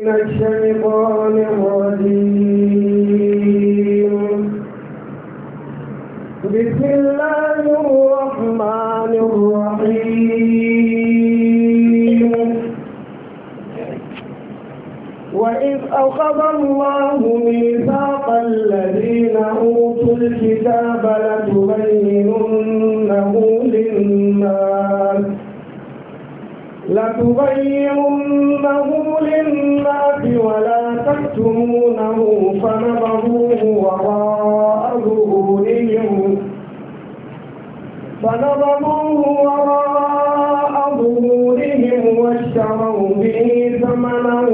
الشيطان الرجيم بسم الله الرحمن الرحيم وإذ أخذ الله ميثاق الذين أوتوا الكتاب للناس الحق ولا تكتمونه فنبذوه وراء ظهورهم فنبذوه وراء ظهورهم واشتروا به ثمنا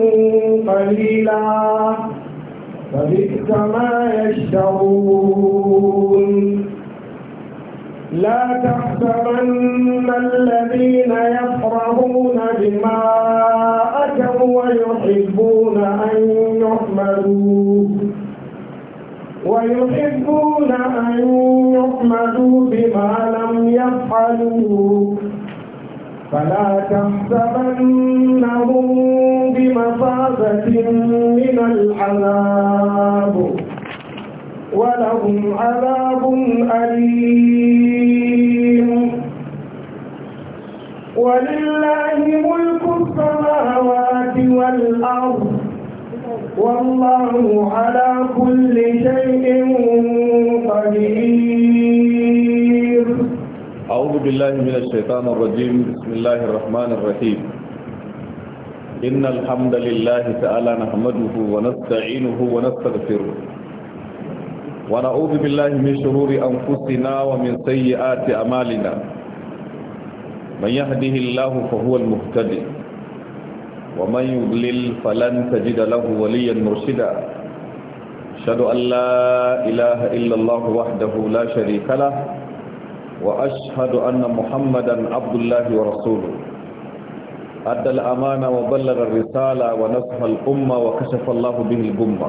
قليلا فبئس ما يشترون لا تحسبن الذين يفرحون بما ويحبون أن يحمدوا ويحبون أن يحمدوا بما لم يفعلوا فلا تحسبنهم بمفازة من العذاب ولهم عذاب أليم ولله ملك السماوات والأرض والله على كل شيء قدير أعوذ بالله من الشيطان الرجيم بسم الله الرحمن الرحيم إن الحمد لله تعالى نحمده ونستعينه ونستغفره ونعوذ بالله من شرور أنفسنا ومن سيئات أمالنا من يهده الله فهو المهتدئ ومن يضلل فلن تجد له وليا مرشدا أشهد أن لا إله إلا الله وحده لا شريك له وأشهد أن محمدا عبد الله ورسوله أدى الأمانة وبلغ الرسالة ونصح الأمة وكشف الله به الغمة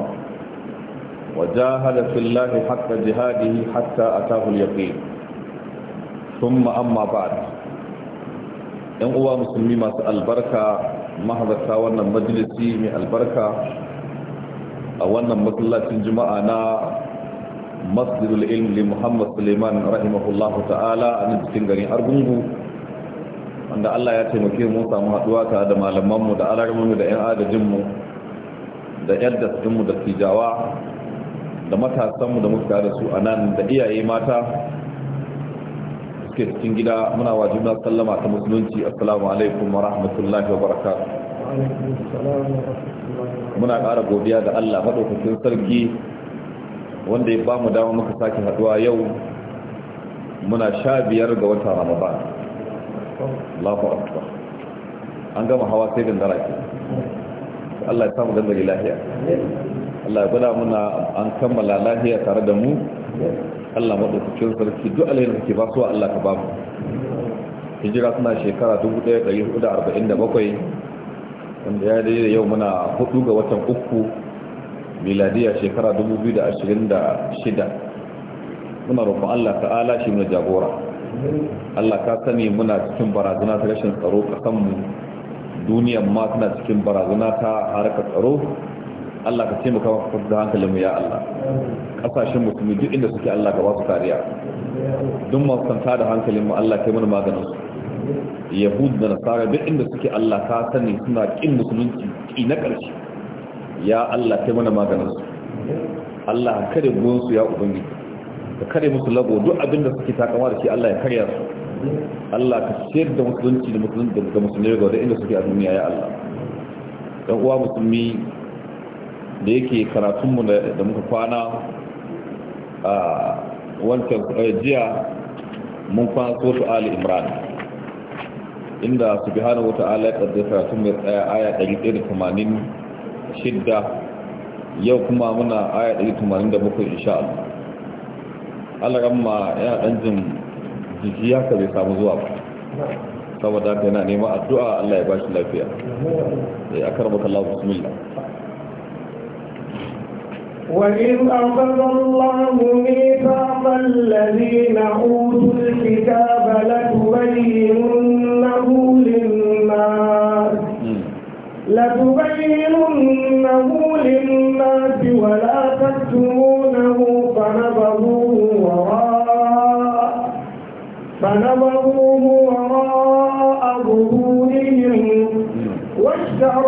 وجاهد في الله حق جهاده حتى أتاه اليقين ثم أما بعد ‘yan uwa musulmi masu albarka mahalarta wannan majalisi mai albarka a wannan masallacin juma'a na masjidul ilmi muhammad suleiman rahimahullahu ta'ala a nan cikin garin argungu wanda allah ya taimake mu samu haduwa tare da malamanmu da alarmanmu da 'yan adadinmu da yaddasinmu da tijawa da matasanmu da muka da su a nan da iyaye mata suke cikin gida muna wa juna sallama ta musulunci assalamu alaikum wa rahmatullahi wa barakatuh muna ƙara godiya ga Allah maɗaukakin sarki wanda ya bamu dama muka sake haɗuwa yau muna sha biyar ga wata ramadan Allahu an gama hawa sai gangara ke Allah ya samu gangare lahiya Allah ya gwada muna an kammala lahiya tare da mu Allah maɗaukacin sarki duk alayin da ke ba su Allah ka babu. hijira suna shekara 1447 wanda ya dai da yau muna hudu ga watan uku miladiya shekara 2026 muna roƙon Allah ta'ala shi muna jagora Allah ka sani muna cikin barazana ta rashin tsaro kasanmu duniyan ma suna cikin barazana ta harkar tsaro Allah ka ce muka wasu da hankalin mu ya Allah kasashen musulmi duk inda suke Allah ga wasu kariya duk masu kanta da hankalin mu Allah yi mana maganin su yahud da nasara duk inda suke Allah ka sani suna kin musulunci ki na ƙarshe ya Allah kai mana maganin su Allah ka kare buwan su ya ubangiji ka kare musu lago duk abin da suke takama da shi Allah ya karya su Allah ka shayar da musulunci da musulunci da musulunci ga wadda inda suke a duniya ya Allah dan uwa musulmi da yake karatunmu da muka kwana a wancan eh, jiya mun kwana sotu ali imran inda su bi hana wata ala ya ƙaddar karatun mai tsaya aya 186 yau kuma muna aya 187 insha Allah Allah ramma yana ɗan jin jijiya ka bai samu zuwa ba saboda haka yana neman addu'a Allah ya ba shi lafiya eh, a karɓar kallon bismillah وإذ أخذ الله ميثاق الذين أوتوا الكتاب لتبيننه للناس لتبيننه للناس ولا تكتمونه فنبذوه وراء فنبذوه وراء ظهورهم واشتروا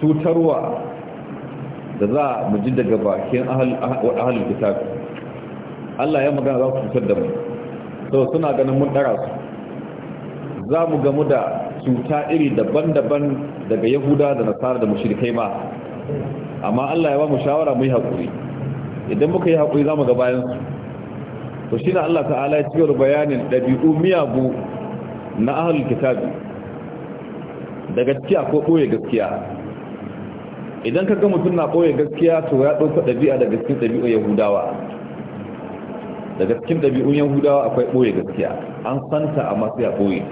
cutarwa da za mu ji daga bakin ahalin kitabi. Allah ya magana za su cutar da mu sau suna ganin mun ɗara su za mu gamu da cuta iri daban-daban daga yahuda da nasara da mushrikai ma amma Allah ya ba mu shawara mu yi haƙuri idan muka yi haƙuri za mu ga bayansu to shi na Allah ta'ala ya ciyar bayanin ɗabi'u miyagu na ahalin kitabi da gaskiya ko ɓoye gaskiya idan ka ga mutum na ɓoye gaskiya to ya ɗauka ɗabi'a daga cikin ɗabi'un yahudawa daga cikin ɗabi'un yahudawa akwai ɓoye gaskiya an santa a masu ya ɓoye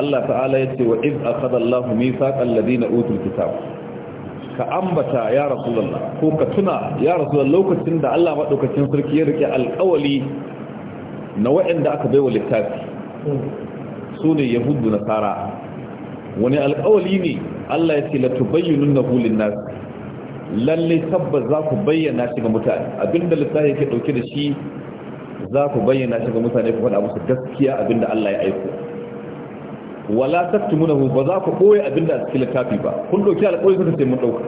Allah ta'ala ya ce wa iz akhadha Allah mithaqal ladina utul kitab ka ambata ya rasulullah ko ka tuna ya rasulullah lokacin da Allah madaukakin sarki ya rike alƙawali na waɗanda aka baiwa littafi sune yahudu na sara wani alƙawali ne Allah ya ce la tubayyinunnahu lin-nas lalle tabbas za ku bayyana shi ga mutane abinda lissafi yake dauke da shi za ku bayyana shi ga mutane ku faɗa musu gaskiya abinda Allah ya aiko wala taktumunahu ba za ku koyi abinda a cikin littafi ba kun dauki alƙawari kuka sai mun dauka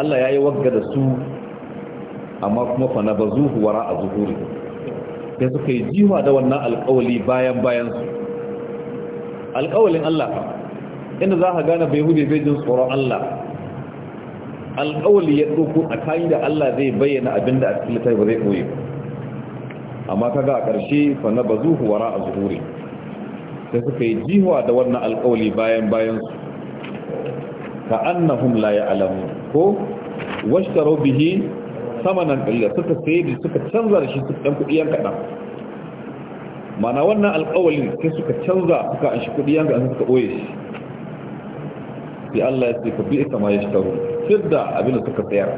Allah yayi wagga da su amma kuma fa na nabazuhu wara a azhuri sai suka yi jiwa da wannan alƙawali bayan bayan su alƙawalin Allah inda za ka gane bai hude bai jin tsoron Allah alƙawali ya ɗauko a kayi da Allah zai bayyana abinda a cikin littafi ba zai ɓoye, amma kaga a ƙarshe fa na zuhu wara a zuhuri sai suka yi jihuwa da wannan alƙawali bayan bayan su ka annahum la alamu ko taro bihi nan qalila suka sayi suka canza da shi suka ɗan kuɗi yanka ɗan? mana wannan alƙawalin sai suka canza suka an shi kuɗi yanka suka ɓoye. shi sai Allah ya ce ka bi'a kama ya shikaru shidda abin da suka tsayar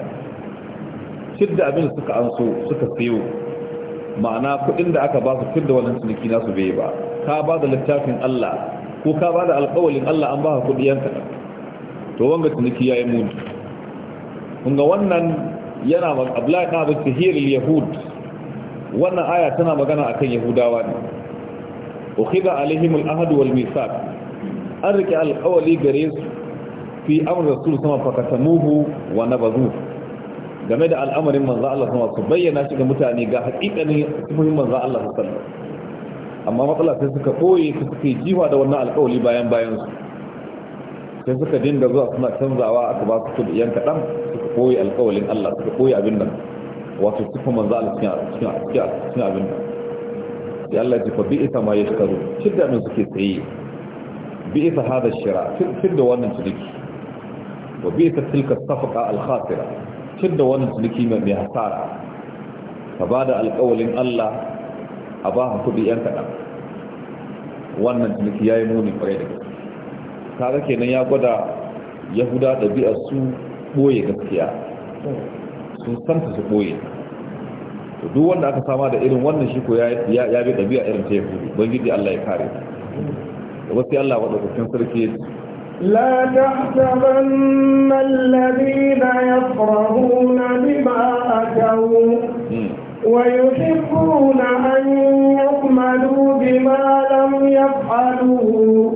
shidda abin da suka ansu suka sayo ma'ana kuɗin da aka ba su shidda wannan ciniki nasu bai ba ka ba da littafin Allah ko ka ba da alƙawalin Allah an ba ka kuɗi yanka to wanga ciniki yayi muni kun ga wannan yana abla na bi tahiril yahud wannan aya tana magana akan yahudawa ne ukhida alaihim al-ahd wal mithaq an rike alƙawali gare su fi amr rasul sama fakatamuhu wa na nabazu game da al'amarin manzo Allah sama su bayyana shi ga mutane ga hakikanin sifofin manzo Allah sallallahu alaihi wasallam amma matsala sai suka koye su suke jiwa da wannan alƙawari bayan bayan su sai suka dinga zuwa suna canzawa aka ba su kuɗi yan kaɗan suka koyi alƙawalin Allah suka koyi abin nan wato suka manzo Allah cikin abin nan Ya Allah ya fa bi'isa ma ya karu, shidda min suke tsaye bi'isa hada shira fid da wannan ciniki wa bi ta tilka safaka al-khasira da wannan ciniki mai hasara ka ba da alƙawalin Allah a ba ka kuɗi yan kaɗan wannan ciniki ya yi muni ƙwarai da gaske kaga nan ya gwada yahuda ɗabi'ar su ɓoye gaskiya sun santa su ɓoye to duk wanda aka sama da irin wannan shi ko ya bi ɗabi'a irin ta yahudu ubangiji Allah ya kare ta da wasu Allah wadda kusan sarki لا تحسبن الذين يفرحون بما أتوا ويحبون أن يؤمنوا بما لم يفعلوا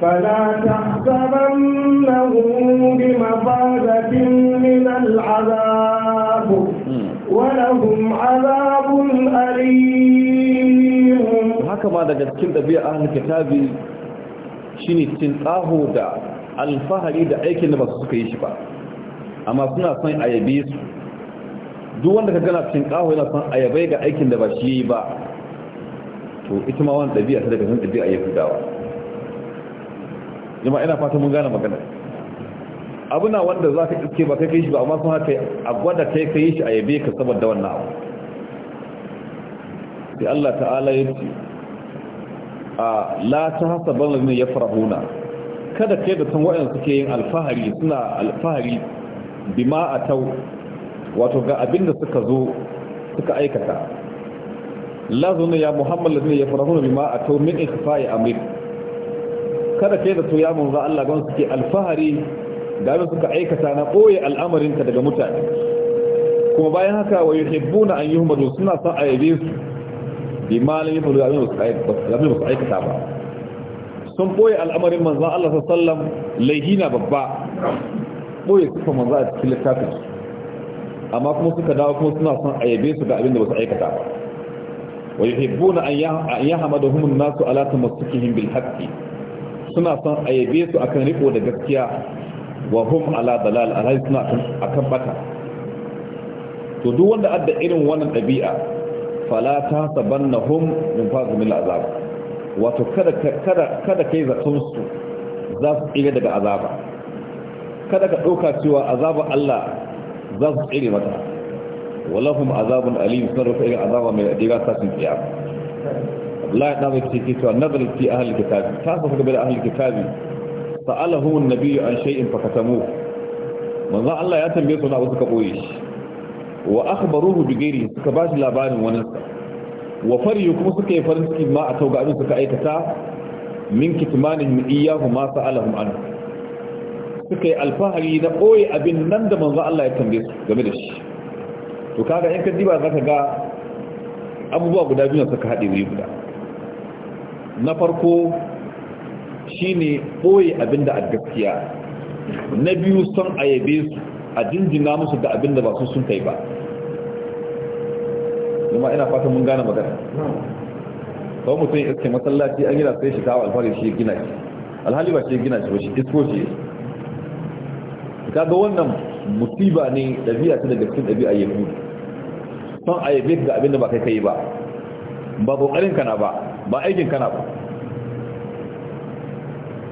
فلا تحسبنهم بمفازة من العذاب ولهم عذاب أليم هكذا ذكرت كنت ɗabi'a أهل كتابي ne cin tsaho da alfahari da aikin da ba su suka yi shi ba amma suna son ayabe su duk wanda ka gana cin tsaho yana son ayabai ga aikin da ba shi yi ba to ita ma wani ɗabi'a ta daga sun ɗabi'a ya fi dawa jama'a ina fata mun gane magana abuna wanda za ka iske ba kai kai shi ba amma sun haka a gwada kai kai shi a yabe ka saboda wannan abu sai Allah ta'ala ya ce la ta ban lalina ya farahuna kada ke da san waɗanda suke yin alfahari suna alfahari bima a tau wato ga abin da suka zo suka aikata la lazuna ya muhammad lalina ya farahuna bima a tau min ya amir kada ke da tuya ya za Allah don suke alfahari da abin suka aikata na ɓoye al'amarinka daga mutane kuma bayan haka wa yuhibbuna an yuhmadu suna sa a su bi malin ya faru abin ba aikata ba sun ɓoye al'amarin manzan Allah sallam laihina babba ɓoye suka manza a cikin littafin amma kuma suka dawo kuma suna son a yabe su ga abin da ba su aikata ba wa yi hebbo na an yi hamada humun nasu alata masu kihin bil haƙƙi suna son a yabe su akan riko da gaskiya wa hum ala dalal alhali suna a kan bata to duk wanda adda irin wannan ɗabi'a fala ta saban na hun min fazu mil azaba wato kada kai zaton su za su tsire daga azaba kada ka ɗauka cewa azaba Allah za su tsire mata walahum azabin alim sun rufe irin azaba mai ɗiga sashin tsiya Allah ya ɗaga cikin cewa nazarin fi halin kitabi ta sa suka bi da ahal kitabi sa'alahum an-nabiyyu an shay'in fakatamu manzo Allah ya tambaye su na wasu ka ɓoye. shi wa akhbaruhu bi ghairi suka ba shi labarin wani wa fariyu kuma suka yi farin ciki ma a tauga abin suka aikata min kitmanihim iyahu ma sa'alahum an suka yi alfahari na ɓoye abin nan da manzo Allah ya tambaye su game da shi to kaga in ka diba zaka ga abubuwa guda biyu suka hade wuri guda na farko shine ɓoye abin da a gaskiya na biyu son ayabe su a jinjina musu da abin da ba su sun kai ba kuma ina fatan mun gane magana sau mutum ya iske masallaci an gina sai shi kawo alfahari shi gina shi alhali ba shi gina shi ba shi isko shi kaga wannan musiba ne ɗabi'a ta daga cikin ɗabi'a ya fi son a yabe ga abin da ba kai kai ba ba ƙoƙarin kana ba ba aikin kana ba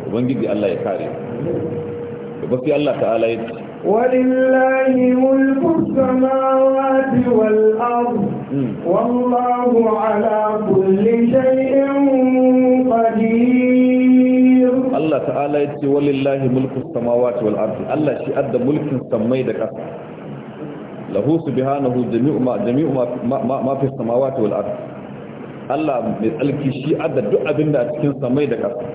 ubangiji Allah ya kare ba sai Allah ta'ala ya ولله ملك السماوات والأرض والله على كل شيء قدير الله تعالى يتي ولله ملك السماوات والأرض الله شيء أدى ملك سمي دكا له سبحانه جميع ما جميع ما ما, ما في السماوات والأرض Allah mai tsalki shi adda duk abin da a cikin samai da ƙasa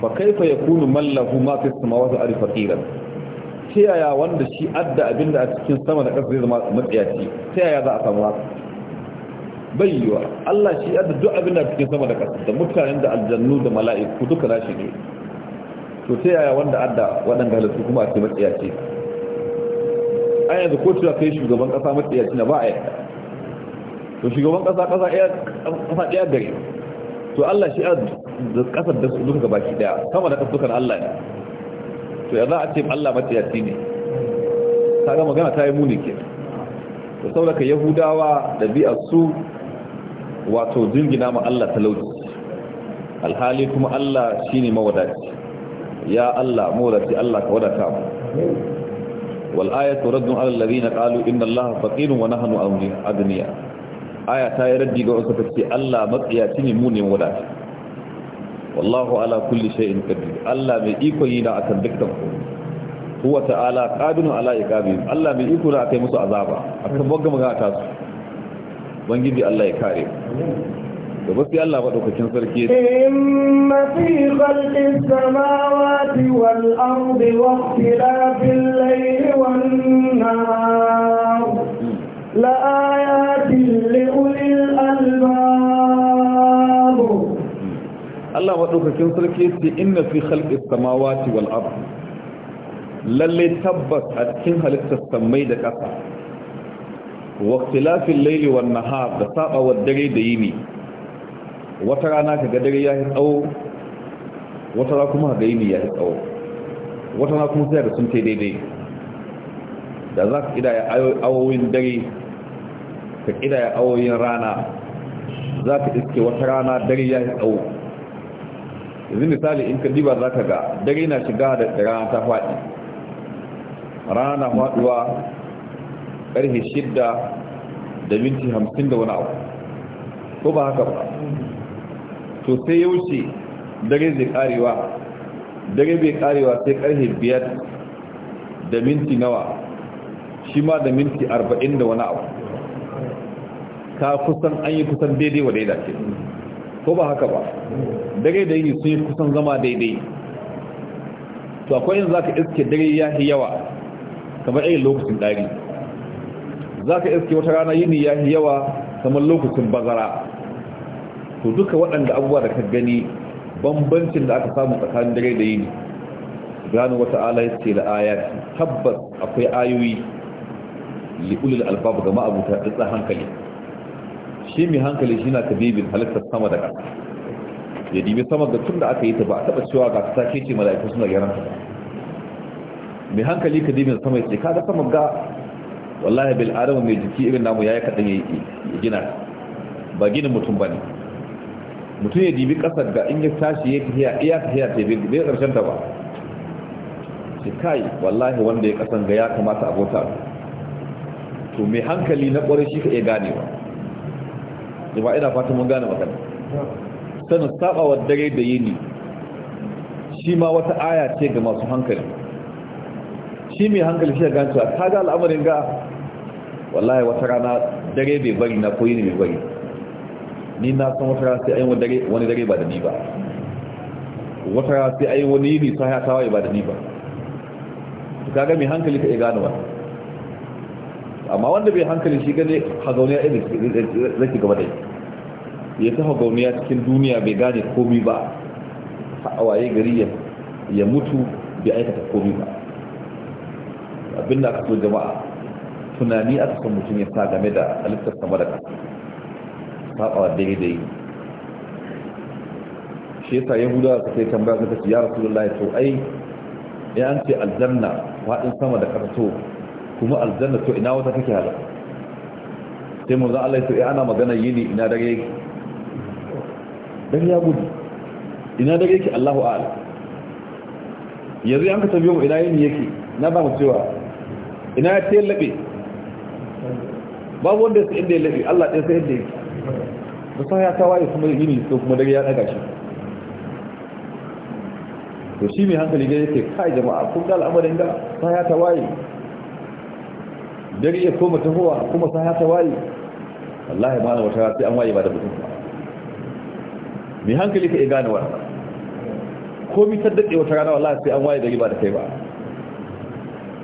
fa kaifa yakunu man lahu ma fi samawati arifatiran ta yaya wanda shi adda abin da a cikin sama da ƙasa zai zama matsayaci ta yaya za a samu haka bai yiwa Allah shi adda duk abin da a cikin sama da ƙasa da mutanen da aljannu da mala'iku duka nashi ne to ta yaya wanda adda waɗanda halittu kuma a ce matsayaci an yanzu ko cewa kai shugaban ƙasa matsayaci na ba a yadda to shugaban ƙasa ƙasa ɗaya gari. to Allah shi adda da ƙasar da su duka gabaki ɗaya sama da ƙasa dukan Allah ne to ya za a ce Allah matsayaci ne ta ga magana ta yi muni ke da sauraka yahudawa da biyar su wato jirgina ma Allah talauci alhali kuma Allah shi ne mawadaci ya Allah mawadaci Allah ka wadata mu والآية رد a الذين قالوا إن الله فقير ونحن أغنياء آية تايرد دي قوة تفسي الله مطياتني موني وداتي wallahu ala kulli shay'in qadir Allah mai iko yi da akan dukkan ku huwa ta'ala qadinu ala iqabihim Allah mai iko da akai musu azaba akan bugga maga ta su bangiji Allah ya kare da wasu Allah maɗaukakin sarki in mafi khalqis samawati wal ardi wa ikhtilafil layli wan nahar hmm. la ayatin li Allah maɗaukakin sarki ce inna fi khalqis samawati wal ard lalle tabbas a cikin halittar samai da ƙasa wa ikhtilafil layli wan nahar da sabawar dare da yini wata rana kaga dare tsawo wata rana kuma ga yini tsawo wata rana kuma sai da sun tai daidai da za ka kidaya dare ka kidaya rana za ka iske wata rana dare tsawo yanzu misali in ka diba za ka ga dare na shiga da rana ta faɗi rana faɗuwa ƙarfe shidda da minti hamsin da wani abu ko ba haka ba to sai ya wuce dare zai karewa dare bai karewa sai ƙarfe biyar da minti nawa shi ma da minti arba'in da wani abu ka kusan an yi kusan daidai wa daidai ko ba haka ba dare da yini sun yi kusan zama daidai to akwai yin za ka iske dare ya fi yawa kamar irin lokacin ɗari za ka iske wata rana yini ya fi yawa kamar lokacin bazara to duka waɗanda abubuwa da ka gani bambancin da aka samu tsakanin dare da yini gano wata ala ya ce da ayati tabbas akwai ayoyi li'ulil albab ga ma'abuta tsitsa hankali shi mai hankali shi na tabibin halittar sama da ƙasa ya dibi sama da tun da aka yi ta ba a taɓa cewa ga ta ke ce mala'iku suna gyaran ta mai hankali ka dibin sama ya ce ka ga sama ga wallahi bil adama mai jiki irin namu ya yi kaɗan ya gina ba ginin mutum ba ne mutum ya dibi ƙasar ga in ya tashi ya tafiya iya tafiya ta bai bai ƙarshen ta ba ce kai wallahi wanda ya ƙasan ga ya kamata abota to mai hankali na ƙwarai shi ka iya ganewa ba ina fatan mun gane magana sanin sabawar dare da yini shi ma wata aya ce ga masu hankali shi mai hankali shi ga cewa ga al'amarin ga wallahi wata rana dare bai bari na koyi ne bai bari ni na san wata rana sai ayi wani dare ba da ni ba wata rana sai ayi wani yini sai ya tawaye ba da ni ba kaga mai hankali ka iya gane wannan amma wanda bai hankali shi gane hagauniya ne zaki gaba da ya ta hagauniya cikin duniya bai gane komi ba a waye gari ya mutu bai aikata komi ba abin da aka so jama'a tunani aka san mutum ya sa game da halittar sama da ƙasa saɓawa daidai shi yasa yahuda su sai tambaya suka ce ya rasulullahi to ai ya an ce aljanna faɗin sama da ƙasa to kuma aljanna to ina wata take hala sai za Allah ya ce eh, ana magana yini ina dare yake dan ya gudu ina dare yake Allahu a'ala yanzu an ka tabbiyo mu ina yini yake na ba mu cewa ina ya ce labe babu wanda ya sai inda ya labe Allah ɗaya sai inda yake musa ya tawaye kuma yini to kuma dare ya daga shi to shi mai hankali ne yake kai jama'a kun ga al'amarin da sai ya tawaye dare ya koma tahowa kuma sai hata waye wallahi ma wata sai an waye ba da mutum ba mai hankali ka gane wa komi ta daɗe wata rana wallahi sai an waye gari ba da kai ba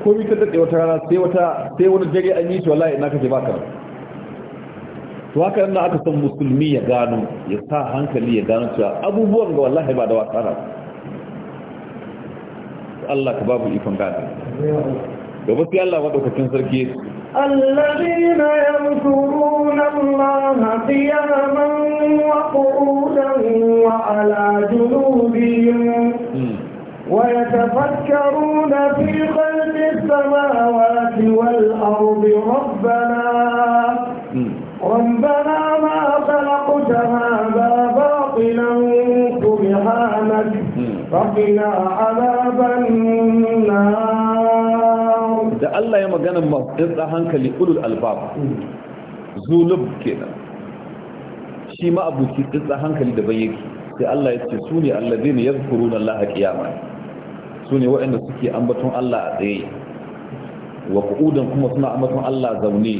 komi ta daɗe wata rana sai wata sai wani dare an yi shi wallahi ina kake baka to haka nan aka san musulmi ya gano ya sa hankali ya gano cewa abubuwan ga wallahi ba da wasa Allah ka babu ikon gane ga basu yalla madaukakin sarki allazina yamkuruna allaha qiyaman wa qu'udan wa ala junubihim hmm. wa yatafakkaruna fi a samawati wal ardi rabbana hmm. rabbana ma khalaqta hadha batilan qul hamad rabbina maganan masu hankali ulul albab zulub kenan shi ma abuci tsitsa hankali da bayyaki sai Allah ya ce su ne allazi ne yazkuruna Allah qiyama su ne waɗanda suke ambaton Allah a tsaye wa qu'udan kuma suna ambaton Allah zaune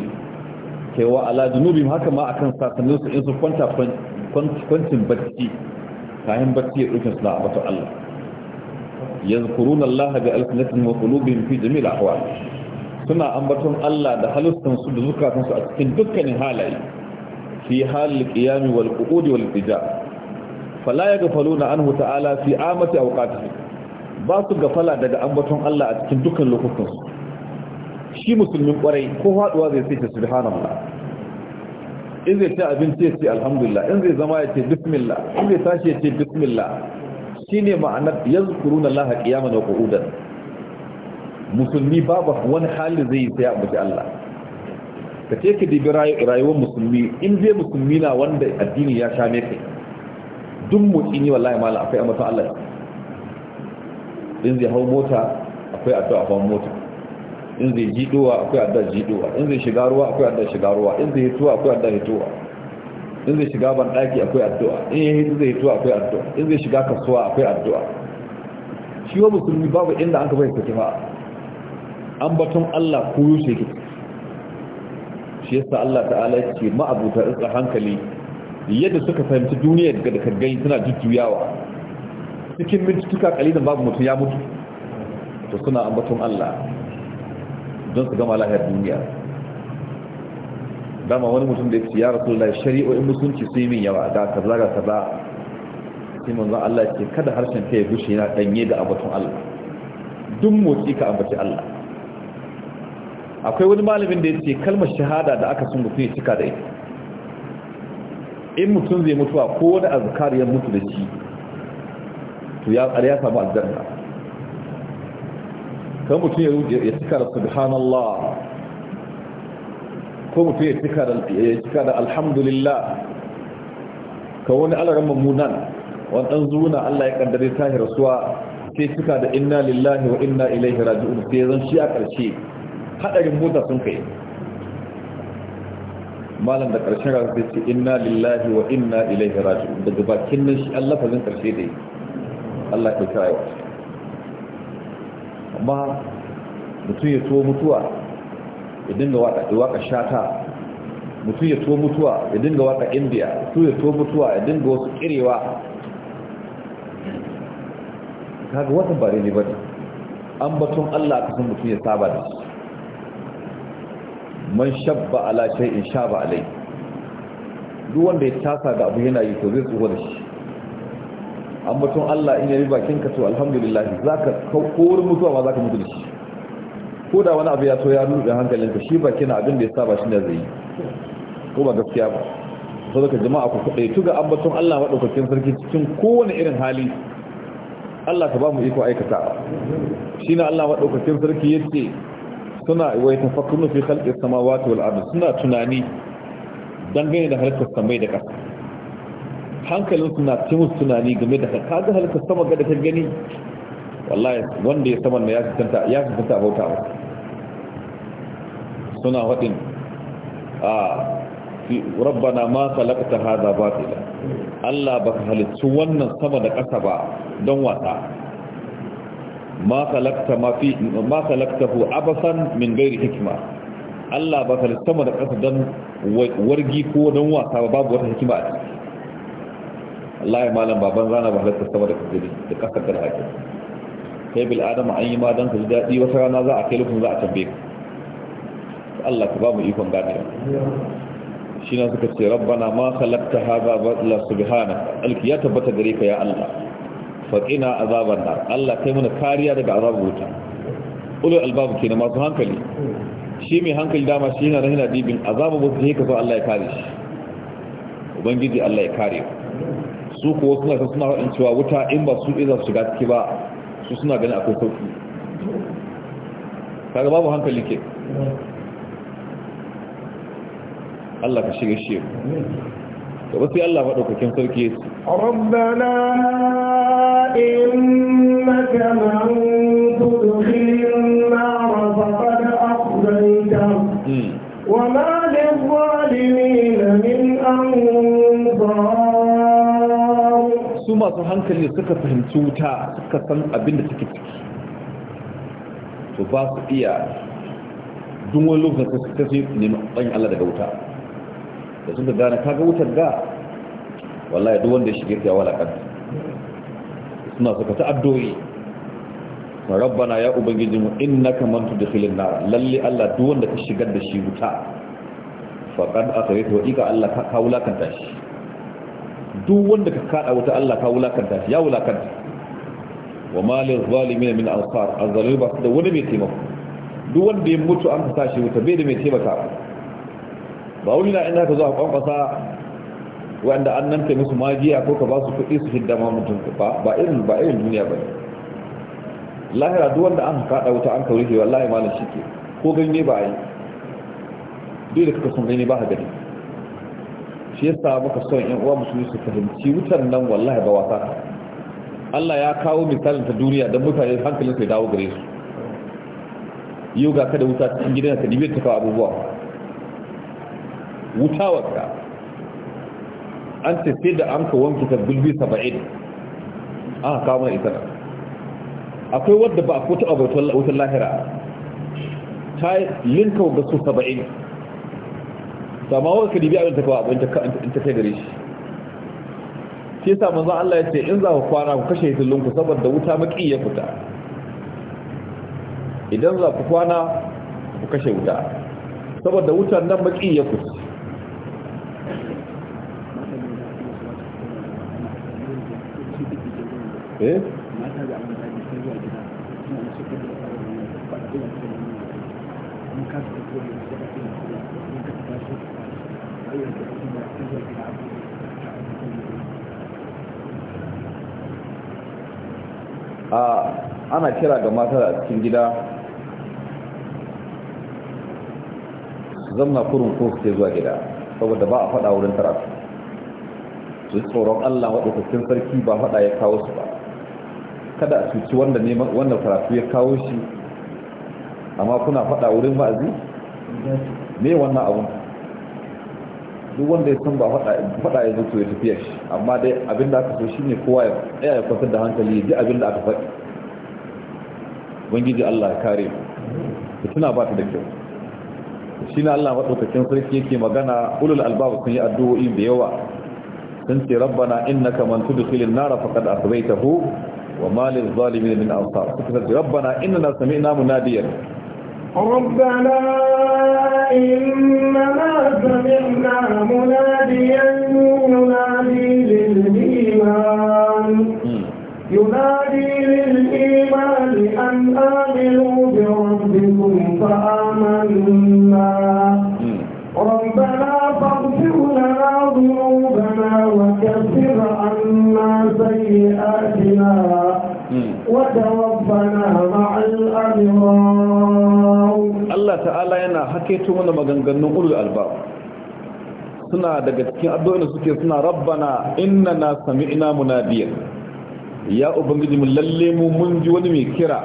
kewa wa ala junubim haka ma akan sasannin su in su kwanta kwancin barci, kayan barci ya ɗauke suna ambaton Allah kuruna يذكرون الله بألسنتهم وقلوبهم في جميع الأحوال suna ambaton Allah da halittansu da zukatansu a cikin dukkanin halaye fi halin qiyami wal qu'udi wal ija fala na anhu ta'ala fi amati awqatihi ba su gafala daga ambaton Allah a cikin dukkan lokutansu shi musulmin kwarai ko haɗuwa zai sai subhanallah in zai ci abinci ya ce alhamdulillah in zai zama ya ce bismillah in zai tashi ya ce bismillah ne ma'anar yazkuruna Allah qiyaman wa qu'udan musulmi babu wani halin zai yi sai ya ambaci Allah ka ce ka dibi rayuwar musulmi in zai musulmi na wanda addini ya sha mai kai duk motsi ne wallahi mala akwai mata Allah in zai hau mota akwai addu'a hawan mota in zai jidowa akwai addu'a jidowa in zai shiga ruwa akwai addu'a shiga ruwa in zai hituwa akwai addu'a hituwa in zai shiga ban daki akwai addu'a in ya hitu zai hituwa akwai addu'a in zai shiga kasuwa akwai addu'a shi wa musulmi babu inda an ka bai fa'a. ambaton Allah ko yushe ke shi yasa Allah ta'ala ya ce ma'abuta tsaka hankali yadda suka fahimci duniyar da ka gani suna jujjuyawa cikin mintituka kalilan babu mutum ya mutu to suna ambaton Allah don su gama lahiyar duniya dama wani mutum da ya ce ya rasu lai shari'o'in musulunci yi min yawa da kaza ga kaza sai manzo Allah ce kada harshen ta ya bushe yana danye da ambaton Allah duk motsi ka ambaci Allah akwai wani malamin da ya ce kalmar shahada da aka sun mutu ya cika da ita in mutum zai mutuwa ko wani azkar ya mutu da shi to ya ƙarya samu aljanna kan mutum ya cika da subhanallah ko mutum ya cika da ya cika da alhamdulillah ka wani alaran mamunan wani dan zuna Allah ya kaddare tahir suwa sai cika da inna lillahi wa inna ilaihi raji'un sai zan shi a ƙarshe hadarin mota sun kai malam da karshen rasu da ce inna lillahi wa inna ilaihi raji'un daga bakin nan shi Allah fazin karshe da yi Allah ya kai wa amma mutum ya to mutuwa ya dinga waka waka shata mutum ya to mutuwa ya dinga waka indiya mutum ya to mutuwa ya dinga wasu kirewa kaga wata bare ne bane an batun Allah ka san mutum ya saba da shi man shabba ala shay'in shaba alai duk wanda ya tasa ga abu yana yi to zai tsoho da shi amma tun Allah in yi bakin ka to alhamdulillah zaka wurin mutuwa ma zaka mutu da shi ko da wani abu ya to ya nuna hankalinka shi bakin abin da ya saba shi ne zai yi ko ba gaskiya ba sai ka jama'a ku kuɗe tuga ambaton Allah maɗaukakin sarki cikin kowane irin hali Allah ka ba mu iko aikata shi na Allah maɗaukakin sarki ya ce suna wai tafakkurun fi khalqis samawati wal ardi suna tunani dangane da halittar samai da ƙasa hankalin suna ci tunani game da haka, ga halittar sama ga da ta gani wallahi wanda ya saman da ya fitanta ya fitanta bauta wa suna wadin a rabbana ma khalaqta hadha batila Allah baka halittu wannan sama da ƙasa ba don wasa ma khalaqta abasan min gairi hikima Allah ba kalli sama da ƙasa don wargi ko don wasa ba babu wata hikima a ciki Allah ya malam baban zana ba halatta sama da ƙasa da ƙasa da haƙi kai bil adam an yi ma don ka ji daɗi wata rana za a kai lukun za a tambaye ka Allah ka ba mu ikon gane shi na suka ce rabbana ma haza ba batla subhanaka alki ya tabbata gare ka ya Allah faƙina azaban nar Allah kai mana kariya daga azabar wuta ulul albabu kenan masu hankali shi mai hankali dama shi yana rahina dibin azabar wuta ne kaso Allah ya kare shi ubangiji Allah ya kare su kuwa suna ta suna haɗin cewa wuta in ba su ɗaya su shiga ciki ba su suna ganin akwai sauƙi kaga babu hankali ke Allah ka shiga shi gaba sai Allah maɗaukakin sarki su rabbana innaka man hmm. su masu hankali suka fahimci wuta suka san abin da suke ciki to ba su iya dun wani lokacin suka ce neman Allah daga wuta da suka gane kaga wutar ga wallahi duk wanda ya shige ta wala kan suna suka ta addu'o'i rabbana ya mu innaka man tudkhilin nar lalle Allah duk wanda ka shigar da shi wuta faqad atayta wa ika Allah ka wulakanta shi duk wanda ka kada wuta Allah ka wulakanta shi ya kan wa malil zalimin min ansar azzalim ba da wani mai taimako duk wanda ya mutu an ka tashi wuta bai da mai taimaka ba wuri na ina ka zo a kwankwasa wanda an nan musu magiya ko ka ba su kuɗi su hidda ma mutum ba irin ba irin duniya ba lahira duk wanda an kaɗa wuta an kauri wallahi malam shi ke ko ganye ba a yi duk da kuka sun gani ba ka gani shi sa muka son yan uwa musulmi su fahimci wutan nan wallahi ba wasa Allah ya kawo misalin ta duniya don mutane hankalin sai dawo gare su yau ga kada wuta cikin gidan ka dibiyar ta kawo abubuwa wuta wadda an tafi da an ka wanke ta gulbi saba'in an kawo mana ita akwai wadda ba a kotu a wutar lahira ta linka wadda su saba'in sama wadda ka dibi abin ta kawo abin ta kai gare shi ke yasa manzo Allah ya ce in za ku kwana ku kashe hitilunku saboda wuta maki ya fita idan za ku kwana ku kashe wuta saboda wutan nan maki ya fita Eh? Ah, ana kira ga mata a cikin gida zamna kurin ko suke zuwa gida saboda ba a faɗa wurin tarafi su tsoron allah waɗanda sarki ba faɗa ya kawo su ba kada a cuci wanda neman wanda karatu ya kawo shi amma kuna faɗa wurin ba'azi me wannan abun duk wanda ya san ba faɗa ya zuto ya tafiya shi amma dai abin da aka so shine kowa ya tsaya ya kwantar da hankali ya ji da aka faɗi ubangiji Allah ya kare ku tuna ba ta da kyau shi na Allah maɗaukakin sarki yake magana ulul albabu sun yi addu'o'i da yawa sun ce rabbana innaka man tudkhilin nar faqad akhbaytahu وما للظالمين من أنصار ربنا إننا سمعنا مناديا ربنا إننا سمعنا مناديا ينادي للإيمان ينادي للإيمان أن آمنوا بربكم فآمنا allah ta'ala yana الله mana maganganun حكيتم أن alba suna daga cikin addu'o'in suke suna rabbana innana sami'na munadiyan ya ubangiji mun lalle mu mun ji wani mai kira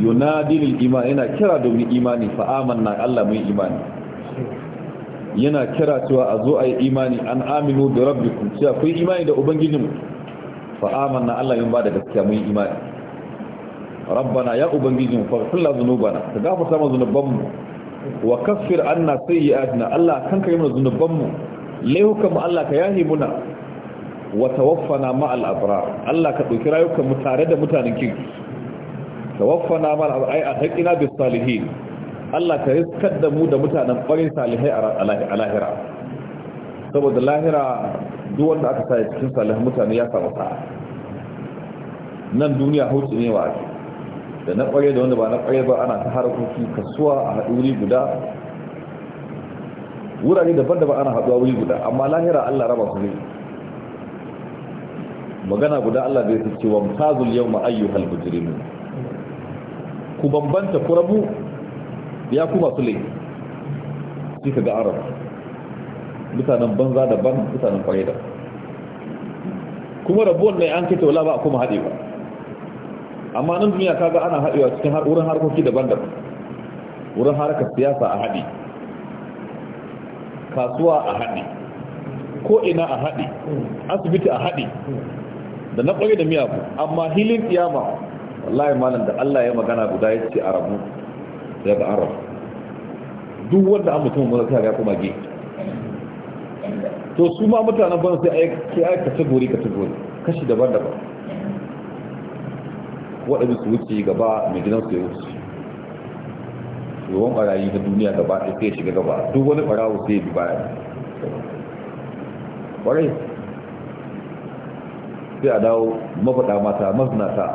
yunadi lil iman yana kira domin imani fa amanna Allah mai imani yana kira cewa a zo a yi imani an aminu da rabbikum cewa kun imani da ubangijinmu fa'amanna Allah yin ba da gaskiya mun yi imani rabbana ya ubangiji mu faghfir lana dhunubana ka gafarta mana dhunubanmu wa kaffir anna sayyi'atina Allah kan kai mana dhunubanmu laihukan mu Allah ka yahi muna wa tawaffana ma'al al Allah ka ɗauki rayukan tare da mutanen kirki tawaffana ma al ay aqina bis salihin Allah ka riskar da mu da mutanen ƙwarin salihai a lahira saboda lahira duk wanda aka sa cikin salih mutane ya samu sa'a nan duniya hauci ne wa ake da na kware da wanda ba na kware ba ana ta harkoki kasuwa a haɗu wuri guda wurare daban-daban ana haɗuwa wuri guda amma lahira Allah raba su ne magana guda Allah da ya ce wa mutazul yau ayyuhal mujrimin ku bambanta ku rabu ya ku masu laifi suka ga arabu mutanen banza daban mutanen kwaye kuma rabuwan mai an kai wala ba kuma haɗewa amma nan duniya kaga ana haɗewa cikin wurin harkoki daban-daban wurin harkar siyasa a haɗe kasuwa a haɗe ko ina a haɗe asibiti a haɗe da na kwaye da miyafu amma hilin kiyama wallahi malam da Allah ya magana guda ya ce a rabu daga arab duk wanda an mutum mun ta ga kuma gefe to su ma mutanen ban sai ke ai kategori kategori kashi daban-daban waɗanda su wuce gaba mai gidan su ya wuce yawan ɓarayi na duniya gaba ɗaya sai ya shiga gaba duk wani ɓarawo sai ya bi baya ƙwarai sai a dawo mafaɗa mata mazinata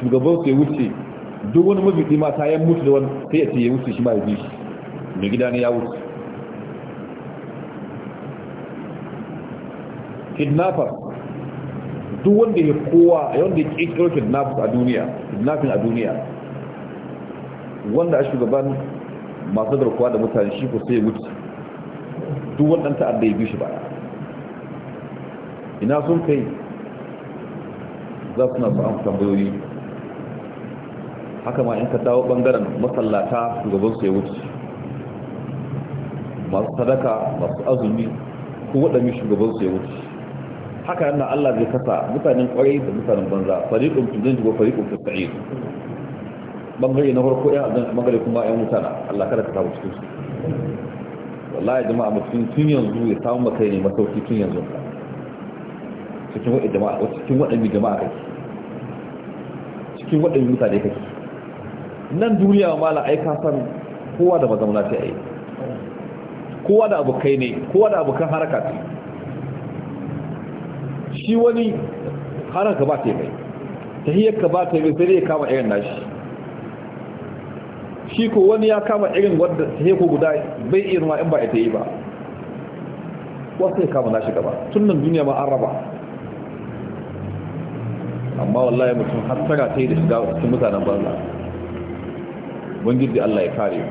shugaban su ya wuce duk wani mabiɗi mata ya mutu da wani sai ya ce ya wuce shi ma ya bi shi mai gida ne ya wuce kidnapper duk wanda ya kowa a wanda ya kirkiro kidnappers a duniya kidnapping a duniya wanda a shugaban masu garkuwa da mutane shi ko sai ya mutu duk wannan ta'adda ya bishi baya ina sun kai za su na su an tambayoyi haka ma in ka dawo bangaren masallata shugaban su ya wuce masu sadaka masu azumi ko waɗannan shugaban su ya wuce haka yana Allah zai kasa mutanen kwarai da mutanen banza fariƙun tun jannati wa fariqun fis sa'ir bangare na farko ya azan bangare kuma ya mutana Allah kada ka samu cikin su wallahi jama'a mutum tun yanzu ya samu makai ne masauki tun yanzu cikin waɗanda jama'a cikin waɗanda jama'a cikin waɗanda mutane kake nan duniya mala ai ka san kowa da mazauna ta yi kowa da abokai ne kowa da abokan haraka ce shi wani haran ka ba ta yi mai ta hiyar ka ba ta yi mai sai ya kama irin nashi shi ko wani ya kama irin wadda ta heko ko guda bai irin ma in ba ita yi ba wasu ya kama nashi gaba tun nan duniya ma an raba amma wallahi mutum har tsara ta yi da shiga cikin mutanen banza ubangiji Allah ya kare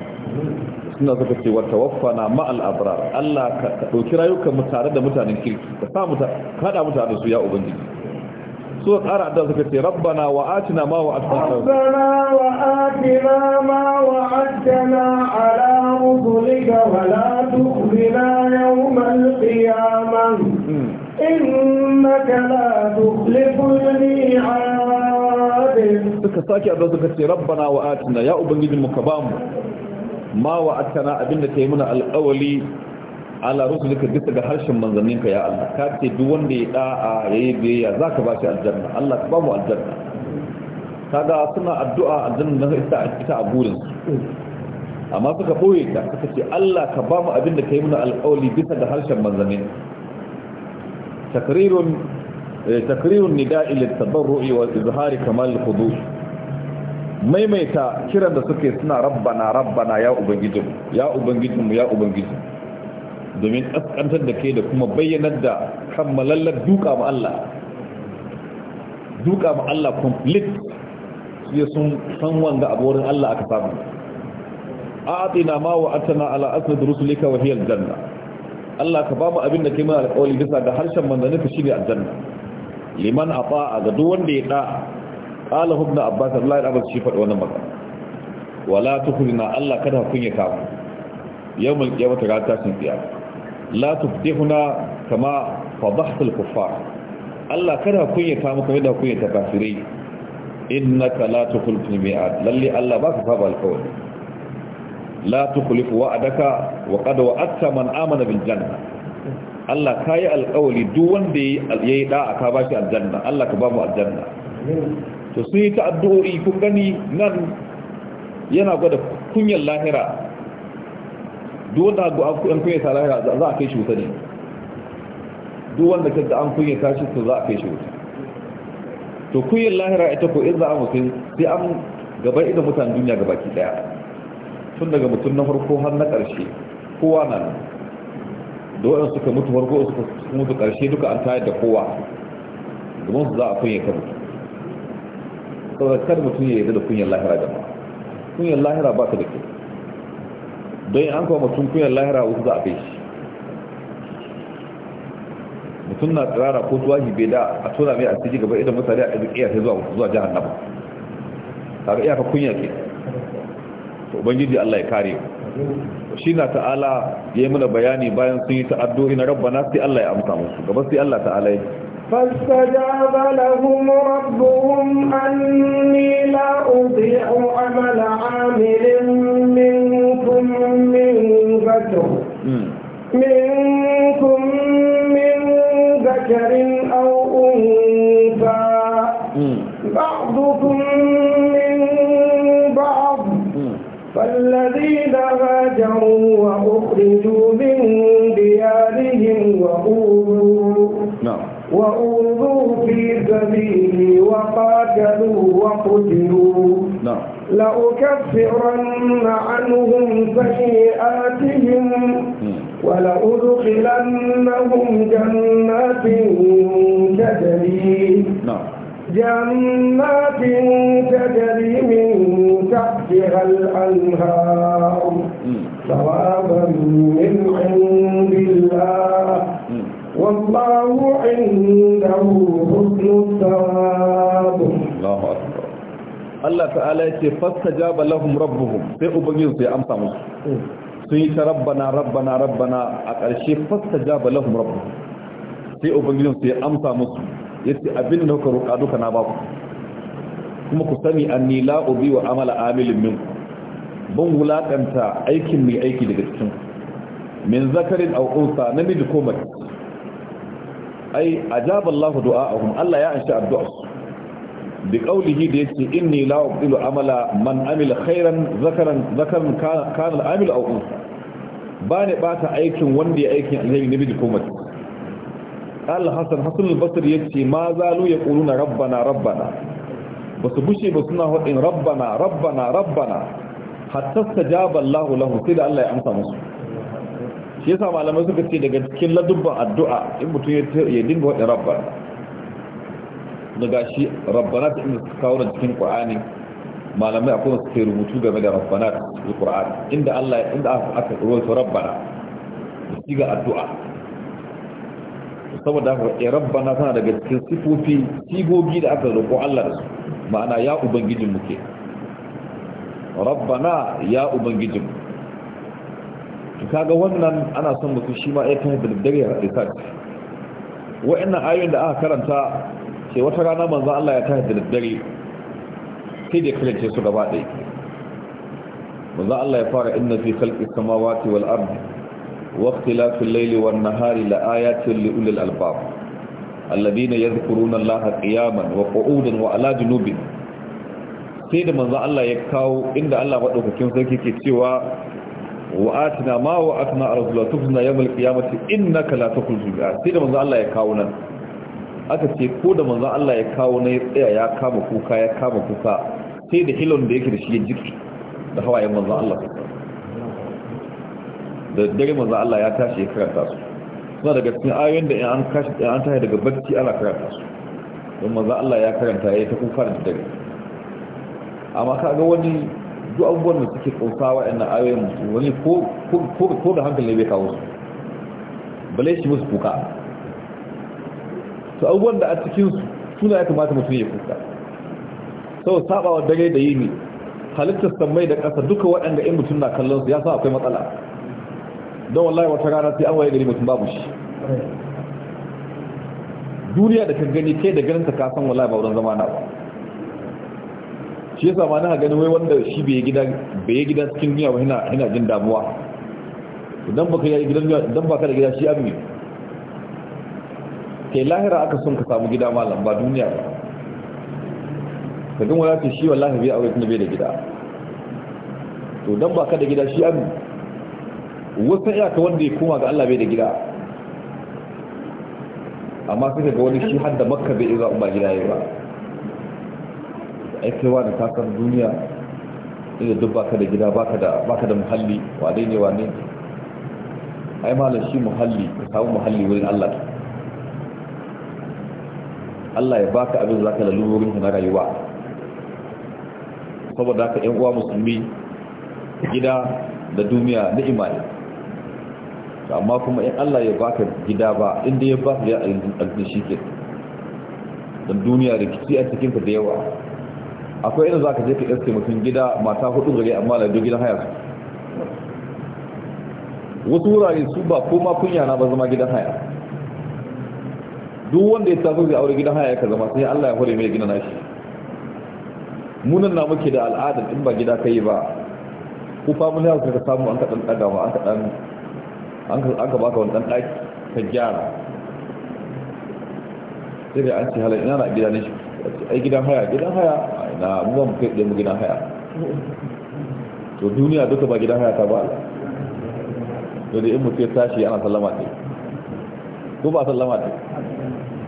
suna suka ce wata waffana ma'al abrar Allah ka ɗauki rayukan mu tare da mutanen kirki ka sa mu kada mu tare su ya ubangiji su ƙara da suka ce rabbana wa atina ma wa atina rabbana wa atina ma wa atina ala rusulika wa la tukhzina yawmal qiyamah hmm. innaka la tukhliful mi'ad suka sake addu'a suka ce rabbana wa atina ya ubangiji mu ka bamu ma wa atana abinda kai muna alƙawali ala rusulika bisa ga harshen manzanninka ya Allah ka ce duk wanda ya da'a yayi biyayya zaka ba shi aljanna Allah ka ba mu aljanna kaga suna addu'a aljanna na ita ita a burin amma suka boye ta suka ce Allah ka ba mu abinda kai muna alƙawali bisa ga harshen manzannin takrirun takrirun nida'i lit-tabarru'i wa izhari kamal al-khudu' maimaita kiran da suke suna rabbana rabbana ya ubangijin ya ubangijin ya ubangijin domin kaskantar da ke da kuma bayyanar da kammalallar duka ma Allah duka ma Allah complete sai sun san wanda a wurin Allah aka samu a'atina ma wa atana ala da rusulika wa hiyar janna Allah ka ba mu abin da ke mana alƙawari bisa ga harshen shi ne a janna. liman a a ga duk wanda ya ɗa. qala ibn abbas Allah ya abbas shi faɗi wani magana wala na Allah kada kunya ka mu yawmul qiyamati ga tashin qiyam la tufdihuna kama fadhahta al-kuffar Allah kada kunya ka mu kamar da kunya ta kafirai innaka la tukhlifu al-mi'ad lalle Allah ba ka saba alƙawari la tukhlifu wa'adaka wa qad wa'adta man amana bin janna Allah ka yi alƙawari duk wanda ya yi da'a ka ba shi aljanna Allah ka ba mu aljanna to sun yi ta addu'o'i kun gani nan yana gwada kunyar lahira duk wanda an kunya ta lahira za a kai shi wuta ne duk wanda ka an kunyar ta shi to za a kai shi wuta to kunyar lahira ita ko in za a mutum sai an gaban idan mutanen duniya gaba ki daya tun daga mutum na farko har na ƙarshe kowa na nan da waɗanda suka mutu farko suka mutu ƙarshe duka an tayar da kowa domin su za a kunyar ta mutu kar mutum ya yarda da kunyar lahira da ma kunyar lahira ba ta da ke don an kawo mutum kunyar lahira wasu za a kai shi mutum na tsirara ko zuwa hibe da a tona mai asiri gaba idan mutane a iya sai zuwa zuwa jihar nama iya iyaka kunya ke to ubangiji Allah ya kare shi na ta'ala ya yi mana bayani bayan sun yi rabba na sai Allah ya amsa musu gaba sai Allah ta'ala ya فاستجاب لهم ربهم أني لا أضيع عمل عامل منكم من ذكر منكم من ذكر أو أنثى بعضكم من بعض فالذين هاجروا وأوذوا في سبيلي وقاتلوا وقتلوا نعم لأكفرن عنهم سيئاتهم ولأدخلنهم جنات تجري نعم جنات تجري من تحتها الأنهار ثوابا من عند والله عنده حسن الثواب الله أكبر الله تعالى فاستجاب لهم ربهم sai ubangiji sai amsa musu sun yi ta rabbana rabbana rabbana a ƙarshe fastajaba lahum rabbuhum sai amsa musu yace abin da kuka roƙa duka na ba ku kuma ku sani anni la ubi wa amala amilin min ban wulakanta aikin mai aiki daga cikin min zakarin aw unsa namiji ko mace ai ajaba Allah du'a'ahum Allah ya anshi addu'arsu bi qawlihi da yace inni la uqilu amala man amila khairan zakaran zakaran kana al-amil aw unsa bane bata aikin wanda ya aikin alheri nabi ko mace Allah Hassan Hassan al-Basri yace ma zalu yaquluna rabbana rabbana basu bushe ba suna hadin rabbana rabbana rabbana hatta tajaba Allah lahu sai da Allah ya amsa musu shi yasa malamai suka ce daga cikin ladubban addu'a in mutum ya dinga wadda rabba daga shi rabbanat inda suka kawo da cikin qur'ani malamai akwai su ke rubutu game da rabbanat cikin qur'ani inda Allah inda aka ruwa su rabbana shi ga addu'a saboda haka ya eh, rabbana tana daga cikin sifofi sigogi da aka roƙo Allah da su ma'ana ya ubangijin muke rabbana ya ubangijin mu to kaga wannan ana son mutum shi ma aikin da daddare ya research wa'annan ayoyin da aka karanta ce wata rana manzo Allah ya tafi da daddare sai da kalance su gaba ɗaya manzo Allah ya fara inna fi khalqi samawati wal ardi Waqti ikhtilafi al-layli wan nahari la ayatin li ulil albab alladhina yadhkuruna Allaha qiyaman wa qu'udan wa ala junubihim sai da manzo Allah ya kawo inda Allah madaukakin sarki ke cewa wa'atina ma wa'atina arzula tufna yawmal qiyamati innaka la tukhzul ba sai da manzon Allah ya kawo nan aka ce ko da manzon Allah ya kawo ne ya tsaya ya kama kuka ya kama kuka sai da hilon da yake da shi ya jiki da hawaye manzon Allah da dare manzon Allah ya tashi ya karanta su kuma daga cikin ayoyin da an kashi da an tashi daga barci ana karanta su don manzon Allah ya karanta ya ta kuka da dare amma ka ga wani duk abubuwan da suke ƙausa waɗannan ayoyin wani ko da hankali bai kawo su bale shi musu kuka su abubuwan da a cikinsu suna ya kamata mutum ya kuka sau saɓawa dare da yini halittar samai da ƙasa duka waɗanda in mutum na kallon su ya sa akwai matsala don wallahi wata rana sai an waye gari mutum babu shi duniya da ka gani kai da ganin ta kasan wallahi ba wurin zama na ba shi yasa ma na gani wai wanda shi bai gida bai gida cikin duniya ba ina jin damuwa idan baka yi gidan duniya idan baka da gida shi abin kai lahira aka son ka samu gida malam ba duniya ba kagan wani ce shi wallahi bai aure tun bai da gida to dan baka da gida shi abin wasu ka wanda ya koma ga Allah bai da gida amma sai ga wani shi hada makka bai iya ba gida yayi ba aikewa da kasar duniya inda duk baka da gida baka da muhalli wane ne wane ai malar shi muhalli ka samu muhalli wurin allah allah ya baka abin za ka lalurorin na rayuwa saboda haka yan uwa musulmi gida da duniya na imani amma kuma in allah ya baka gida ba inda ya baka ya alzin shi ke don duniya rikici a cikinka da yawa akwai inda za ka je ka iske mutum gida mata hudu gari amma da jirgin gidan haya su wasu wurare su ba ko ma kunya na ba zama gidan haya duk wanda ya taso zai aure gidan haya ka zama sai Allah ya hore mai gina nashi munan na muke da al'adar in ba gida ka yi ba ku family yau ka samu an ka dan ma an ka dan an ka aka wani dan ɗaki ka gyara sai da an ce halin ina na gidan shi ai gidan haya gidan haya na mu mu kai mu gidan haya to duniya duka ba gidan haya ta ba to da in mutum ya tashi ana sallama ce ko ba sallama ce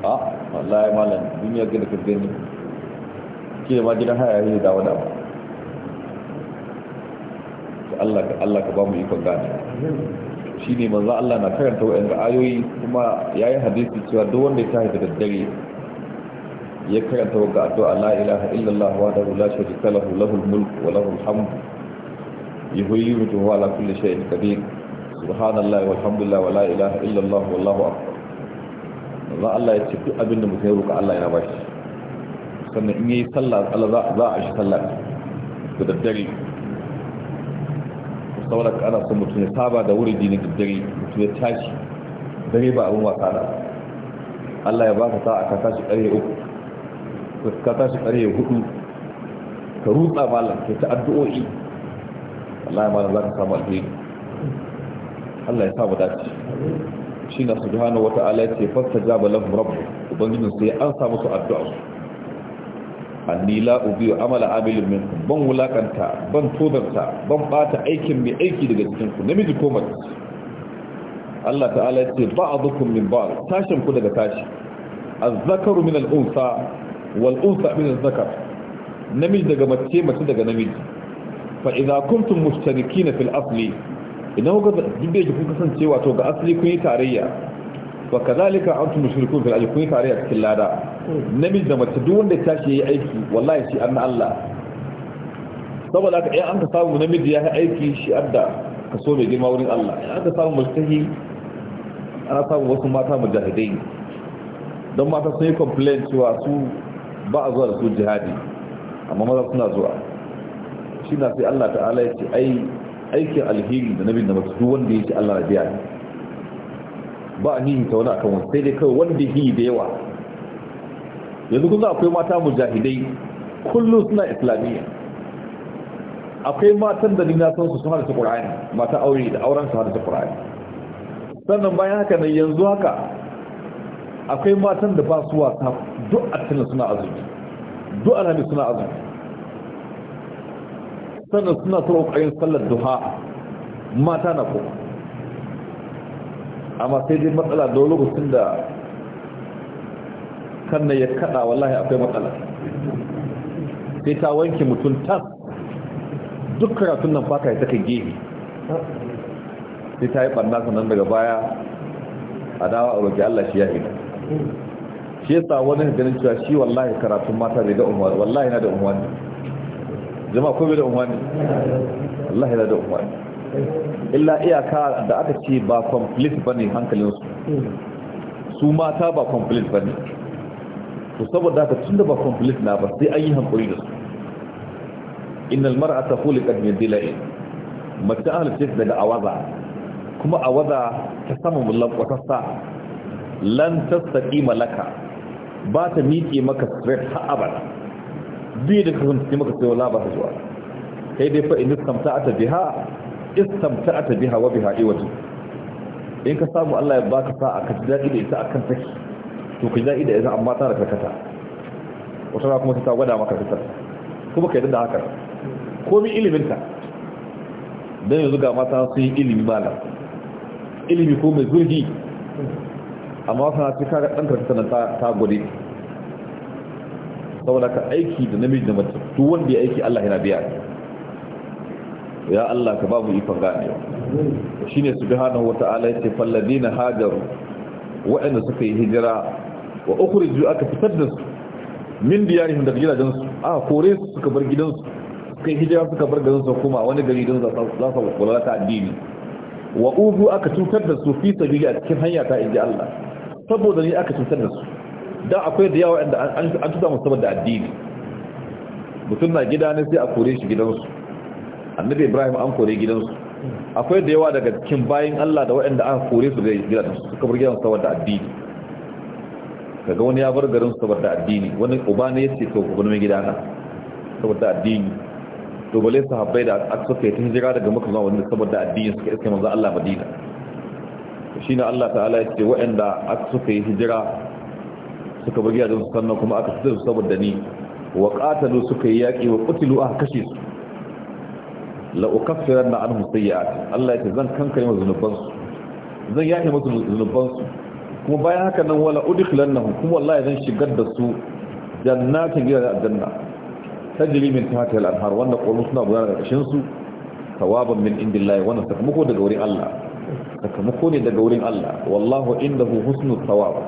a wallahi malam duniya gina ka gani ke ma gidan haya ne da wada ba Allah ka Allah ka ba mu ikon gane shine manzo Allah na karanta wa'anda ayoyi kuma yayin hadisi cewa duk wanda ya tashi da daddare ya karanta wa addu'a la ilaha illallah wa da la sharika lahu lahul mulk wa lahul hamd yuhyi wa yumiitu ala kulli shay'in qadir subhanallahi walhamdulillah wa la ilaha illallah wallahu akbar za Allah ya ce duk abin da mutum ya roƙa Allah ya bashi sannan in yi sallah Allah za a shi sallah da daddare saboda ka ana son mutum ya saba da wuri dini daddare, mutum ya tashi dare ba abin wasa da. Allah ya baka sa'a ka tashi ƙarfe uku ka tashi ƙarfe hudu ka rutsa malam ke ta addu'o'i Allah ya malam za ka samu alheri Allah ya samu dace shi na subhana wa ya ce fasta jaba lahum rabbu ubangiji sai an samu su addu'a su anni la ubiyu amala amilin min ban wulakanta ban tozarta ban bata aikin mai aiki daga cikin ku namiji ko mace Allah ta'ala ya ce ba'dukum min ba'd tashin ku daga tashi az-zakaru min al-unsa wal unsa min zakar namiji daga mace mace daga namiji fa'iza kuntun kuntum na fil asli idan kuka dubbe ku kasance wato ga asali kun yi tarayya wa kadhalika antum mushrikun fil ajr kun yi tarayya cikin lada namiji da mace duk wanda ya yi aiki wallahi shi anna Allah saboda haka in an ka samu namiji ya yi aiki shi adda kaso mai girma wurin Allah in an ka samu mustahi ana samu wasu mata mujahidai don mata sun yi complain cewa su ba a zuwa da jihadi amma maza suna zuwa shi na sai Allah ta'ala ya ce aikin alheri da nabin da masu duk wanda ya ce Allah na biya ba a nihi ta wani akan wani sai dai kawai wanda yi da yawa yanzu kuma akwai mata mujahidai kullum suna islamiyya akwai matan da nina san su sun hada harsa ƙura'ani mata aure da auren su hada harsa ƙura'ani sannan bayan haka nan yanzu haka akwai matan da ba su wasa duk a tana suna azumi duk a rami suna azumi sannan suna tsoro ƙayin sallar duha mata na kuma amma sai dai matsala da lokacin da kanna ya kada wallahi akwai matsala sai ta wanke mutum tas duk karatun nan fata ya saka gehe sai ta yi ɓanna sannan daga baya a dawa a roƙi Allah shi ya hina shi yasa wani ganin cewa shi wallahi karatun mata bai da unwani wallahi na da unwani jama ko bai da unwani wallahi na da unwani illa iyaka da aka ce ba complete bane hankalin su mata ba complete bane to saboda ka tunda ba complete na ba sai an yi hankali da su innal mar'ata khuliqat min dilai mace an halitta daga awaza kuma awaza ta samu mullan kwatarsa lan tastaqima malaka, ba ta miƙe maka straight har abada duk da kasan take maka sai ba ta zuwa kai dai fa in istamta'ata biha ta biha wa biha iwaji in ka samu Allah ya baka sa'a ka ji daɗi da ita akan saki to ka ji daɗi da ita amma ta da karkata wata rana kuma ta gwada maka fitar kuma ka yi da haka komi iliminta don yanzu ga mata sun yi ilimi malam ilimi ko mai zurgi amma wasu na cika ɗan karkata na ta gode saboda ka aiki da namiji da mace duk wanda ya aiki Allah yana biya ya Allah ka babu ikon ganewa shi ne su bihanahu wa ta'ala ya ce na hajaru waɗanda suka yi hijira wa uku ukhriju aka fitar da su min diyarihim daga gidajensu aka kore su suka bar gidansu suka yi hijira suka bar gidansu kuma wani gari don za su kula ta addini wa ubu aka cutar da su fi sabili a cikin hanya ta inji Allah saboda ni aka cutar da su don akwai da yawa inda an cuta musu saboda addini mutum na gida ne sai a kore shi gidansu annabi ibrahim an kore gidansu akwai da yawa daga cikin bayan allah da waɗanda aka kore su ga gidansu suka bar gidansu saboda addini kaga wani ya bar garin saboda addini wani uba ne ya ce to uba mai na saboda addini to bale sahabbai da aka suka tun jira daga maka zuwa wani saboda addini suka iske manzo allah madina shi na Allah ta'ala ya ce waɗanda aka suka yi hijira suka bugi da su sannan kuma aka fitar su saboda ni wa qatalu suka yi yaƙi wa qutilu aka kashe su la ukaffiranna anhum sayyi'at Allah ya ce zan kankare musu zunuban su zan yaƙi musu zunuban su kuma bayan haka nan wala udkhilannahum kuma wallahi zan shigar da su jannatin gidan aljanna tajri min tahtiha al-anhar wanda qulun suna gudana da kashin su thawaban min indillahi wannan sakamako daga wurin Allah sakamako ne daga wurin Allah wallahu indahu husnul thawab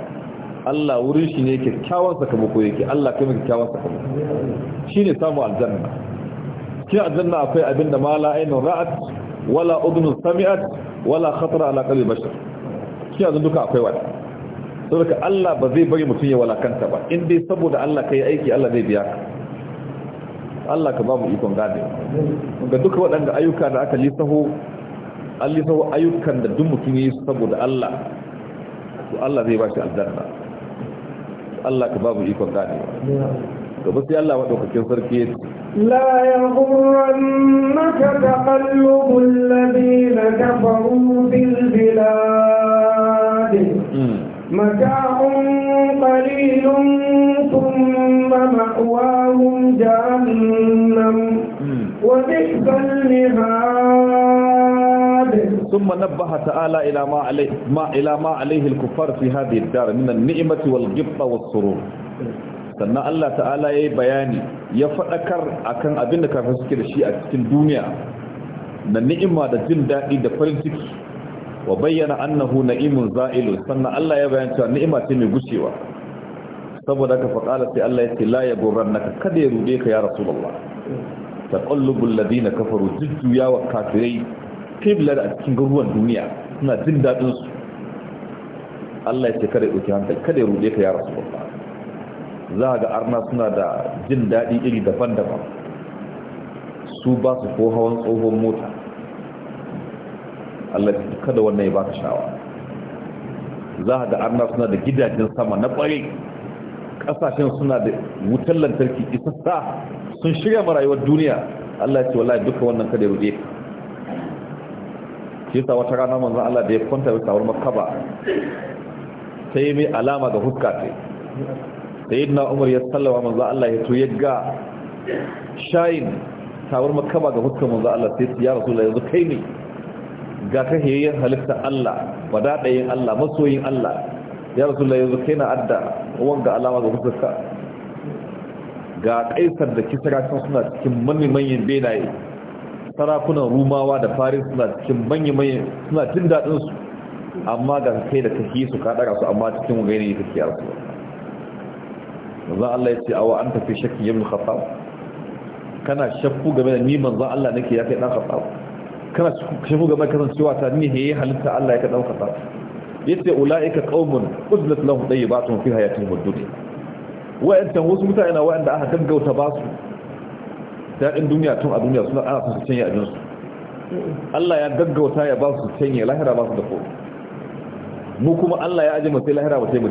Allah wurin shi ne kyakkyawan sakamako yake Allah mai kyakkyawan sakamako shine samu aljanna shi aljanna akwai abinda ma la ainu ra'at wala udhun sami'at wala khatara ala qalbi bashar shi yanzu duka akwai wani saboda Allah ba zai bari mutum ya walakanta ba in dai saboda Allah kai aiki Allah zai biya ka Allah ka ba mu ikon gane ga duka waɗanda ayyuka da aka lissaho an lissawo ayyukan da duk mutum yi saboda Allah to Allah zai ba shi aljanna Allah ka babu ikon gane to ba sai Allah madaukakin sarki ya ce la yaghurrannaka taqallubul ladina kafaru bil bilad hmm. mata'un qalilun thumma ma'wahum jahannam hmm. wa bi'sal mihad ثم نبه تعالى إلى ما عليه ما إلى ما عليه الكفار في هذه الدار من النعمة والغبطة والسرور sannan Allah ta'ala ya yi bayani ya faɗakar a kan abin da kafin suke da shi a cikin duniya na ni'ima da jin daɗi da farin ciki wa bayyana annahu na'imun za'ilu sannan Allah ya bayan cewa ni'ima ce mai gushewa saboda ka faƙala sai Allah ya ce la ya gorar naka kada ya rude ka ya rasulullah taqallubul ladina kafaru jujjuya wa kafirai kai bilal a cikin ruwan duniya suna jin daɗin su Allah ya ce kada ya ɗauki hankali kada ya ruɗe ka ya rasu babba za ga arna suna da jin daɗi iri daban-daban su ba su ko hawan tsohon mota Allah ya kada wannan ya ka shawa za ga arna suna da gidajen sama na ƙwarai ƙasashen suna da wutar lantarki isassa sun shirya marayuwar duniya Allah ya ce wallahi duka wannan kada ya ruɗe ka shi wata rana manzo Allah da ya kwanta ya tawar makaba sai mai alama ga huska sai sayyidina Umar ya sallama manzo Allah ya to yagga shayin tawar makaba ga huska manzo Allah sai ya rasulullahi yanzu kai ne ga ka hiyayyen halitta Allah wadadayin Allah masoyin Allah ya rasulullahi yanzu kai na adda wanga alama ga huska ga kaisar da kisra suna cikin manyan benaye sarakunan rumawa da faris suna cikin manya-manya suna jin daɗinsu amma ga kai da kashi su ka ɗaga su amma cikin wani ne su ba. manzan Allah ya ce awa an tafi shakki yin khattab kana shakku game da ni manzan Allah nake ya kai ɗan khattab kana shakku game da kasancewa ta ni he halitta Allah ya kai ɗan khattab yace ulaika qaumun uzlat ba tayyibatun fi hayatihim ad ne. wa'antan wasu mutane na wa'yanda aka gaggauta su. daɗin duniya tun a duniya suna ana sun su canye abinsu Allah ya gaggauta ya ba su canye lahira ba su da kowa mu kuma Allah ya aji mu sai lahira ba sai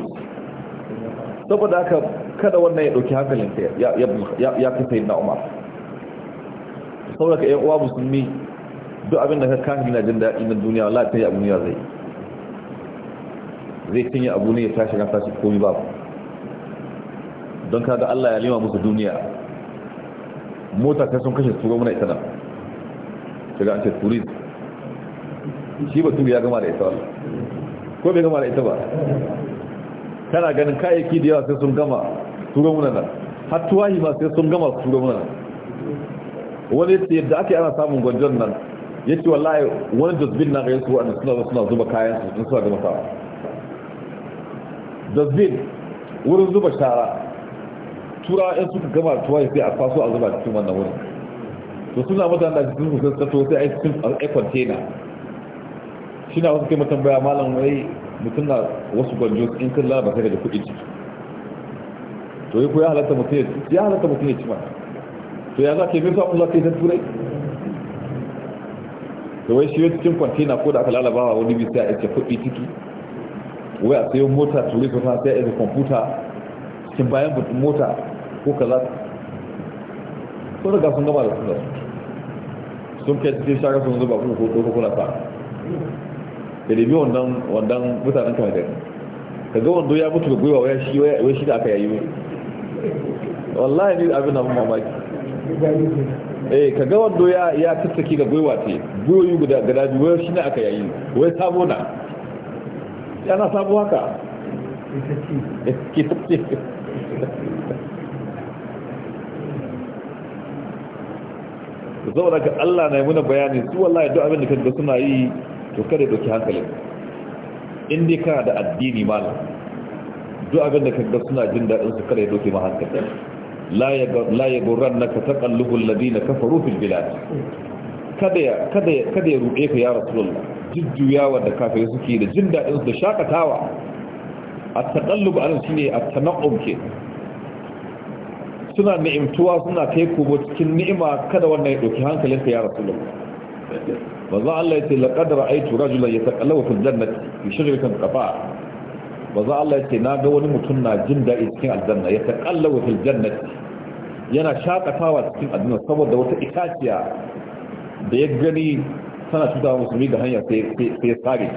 saboda haka kada wannan ya ɗauki hankalin ta ya fi ya na Umar saboda yan uwa musulmi duk abin da ka kafi na jin daɗi na duniya ta yi abu ne zai zai cinye abu ne ya tashi na tashi komi babu don kada Allah ya lima musu duniya mota ta sun kashe turo muna ita nan daga ake turin shi ba turi ya gama da ita ba ko bai gama da ita ba tana ganin kayayyaki da yawa sai sun gama turo muna nan har tuwahi ma sai sun gama turo muna nan wani yadda yadda ake ana samun gwanjon nan ya ce wallahi wani dustbin na ga yasu wa'anda suna suna zuba kayan su sun suna gama sawa dustbin wurin zuba shara tura yan suka gama tuwa sai a kwaso a zuba cikin wannan wurin to suna mutane da cikin sun tsato sai a yi cikin a kwantena shi na wasu kai mutum baya malam wai mutum na wasu gwanjo in kan laba sai daga kuɗi ciki to yi ko ya halatta mutum ya ci ya halatta mutum ya ci ma to ya za ka yi mai sa'un za ka yi ta turai da wai shi yi cikin kwantena ko da aka lalabawa wani bisa ya ce kuɗi ciki wai a sayo mota turai ko ta sai a yi kwamfuta cikin bayan mota ko kaza sun riga sun gama da suna sun kai cikin shaka sun zuba kuma ko ɗauka kuna sa ka nemi wannan wannan mutanen kamar gari ka ga wando ya mutu da gwiwa wai shi waya shi da aka yayi mai wallahi ne abin abin mamaki eh ka ga wando ya ya tattaki ga gwiwa ce gwiwoyi guda guda biyu wai shi ne aka yayi wai sabo na yana sabo haka to saboda ka Allah na yi muna bayani su wallahi duk abin da kaga suna yi to kada doki hankalin in ka kana da addini malam duk abin da kaga suna jin daɗin su kada doki ma hankali la ya gurran na ka taƙallubu ladina kafaru fil bilad kada kada ya ruɗe ka ya rasulullah jujjuyawa da kafin suke da jin daɗin su da shakatawa at-taqallub anan shine a tanaqum kenan suna ni'imtuwa suna kai kuma cikin ni'ima kada wannan ya ɗauki hankalinka ya ba za Allah ya ce laƙadar aitu rajulan ya taƙalawa fil jannati fi ƙafa ba za Allah ya ce na ga wani mutum na jin daɗi cikin aljanna ya taƙalawa fil jannati yana shaƙatawa cikin aljanna saboda wata itaciya da ya gani tana cuta musulmi ga hanya sai ya tsare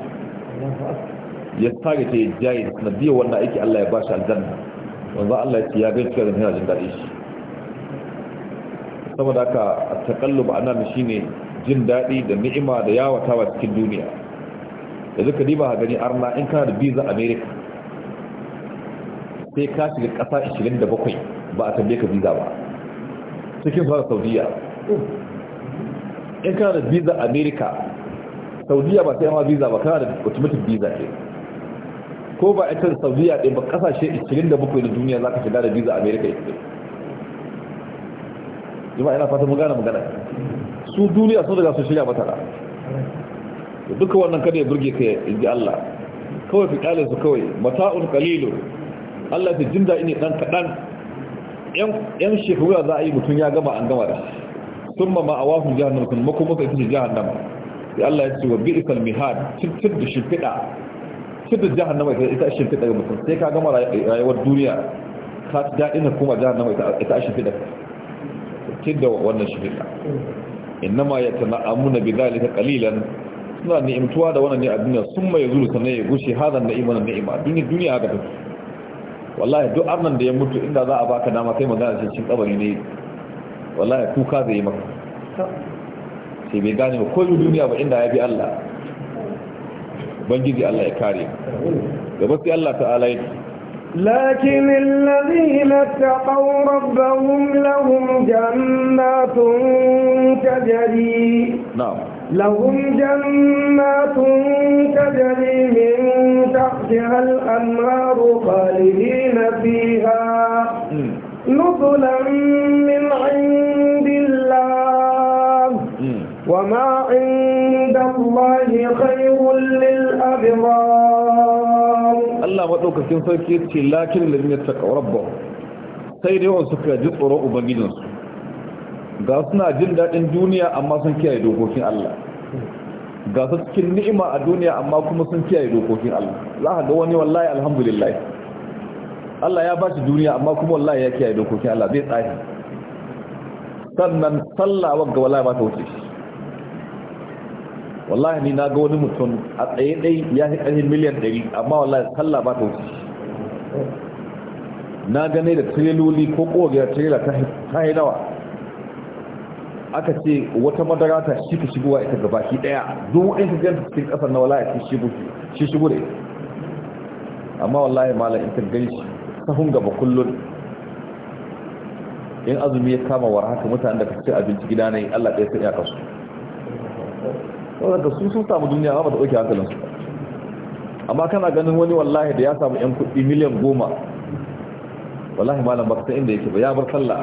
ya tsare ta ya jaye na biya wannan aiki Allah ya bashi aljanna wanzu Allah ya bai cika zan jin daɗi shi saboda haka a takallub a nan shi ne jin daɗi da ni'ima da yawatawa cikin duniya da ka diba a gani arna in kana da biza america sai ka shiga ƙasa 27 ba a tambaye ka biza ba cikin fara saudiya in kana da biza america saudiya ba sai ma biza ba kana da automatic biza ke. ko ba a can saudiya ɗaya ba ƙasashe 27 na duniya za ka shiga da visa america ya jima ina fata mu gane magana su duniya sun daga sun shirya matara duka wannan kada ya burge ka ji Allah kawai fi ƙalin su kawai mata'un kalilu Allah ta jin daɗi ne ɗan kaɗan ‘yan shekaru za a yi mutum ya gama an gama da sun ma ma'awafin jihar nan kuma kuma ita ce jihar nan Ya Allah ya ce wa bi'isal mihad cin da shi fiɗa. shidda jahannama ita ashin fita daga mutum sai ka gama rayuwar duniya ka ci daɗin da kuma jahannama ita ashin fita tidda wannan shi fita innama ya tana amuna bi dalika qalilan suna ni'imtuwa da wannan ne a duniya sun mai zuru sannan ya gushe hadan na'ima na ni'ima a duniya duniya haka take wallahi duk annan da ya mutu inda za a baka dama sai magana shi cikin kabari ne wallahi kuka zai yi maka sai bai gane ko duniya ba inda ya bi Allah ubangiji Allah ya kare gaba sai Allah ta'ala ya لكن الذين اتقوا ربهم لهم جنات تجري نعم لهم جنات تجري من تحتها الأنهار خالدين فيها نزلا من عند الله وما عند الله خير لله Allah maɗaukakin sarki مدوكاكين سركي يتي لكن الذين يتقوا ربهم sai dai wasu suka ji tsoron ubangijinsu ga suna jin daɗin duniya amma sun kiyaye dokokin Allah ga su cikin ni'ima a duniya amma kuma sun kiyaye dokokin Allah za ka ga wani wallahi alhamdulillah Allah ya ba shi duniya amma kuma wallahi ya kiyaye dokokin Allah zai tsaye sannan sallah wagga wallahi ba ta wuce shi wallahi ni na ga wani mutum a tsaye dai ya fi ƙarfin miliyan 100 amma wallahi sallah ba ta wuce na gane da tireloli ko kogiyar tirela ta haidawa aka ce wata madara ta shi ka shigowa ita ga baki daya don wa'in ka ganta cikin ƙasar na wala ita shi shigo da ita amma wallahi malam ita gani shi sahun gaba kullun in azumi ya kama war haka mutane da ka abinci gida ne Allah ɗaya sai ya kasu wadanda su sun samu duniya ba da ɗauke hankalinsu amma kana ganin wani wallahi da ya samu 'yan kuɗi miliyan goma wallahi malam baka san inda yake ba ya bar sallah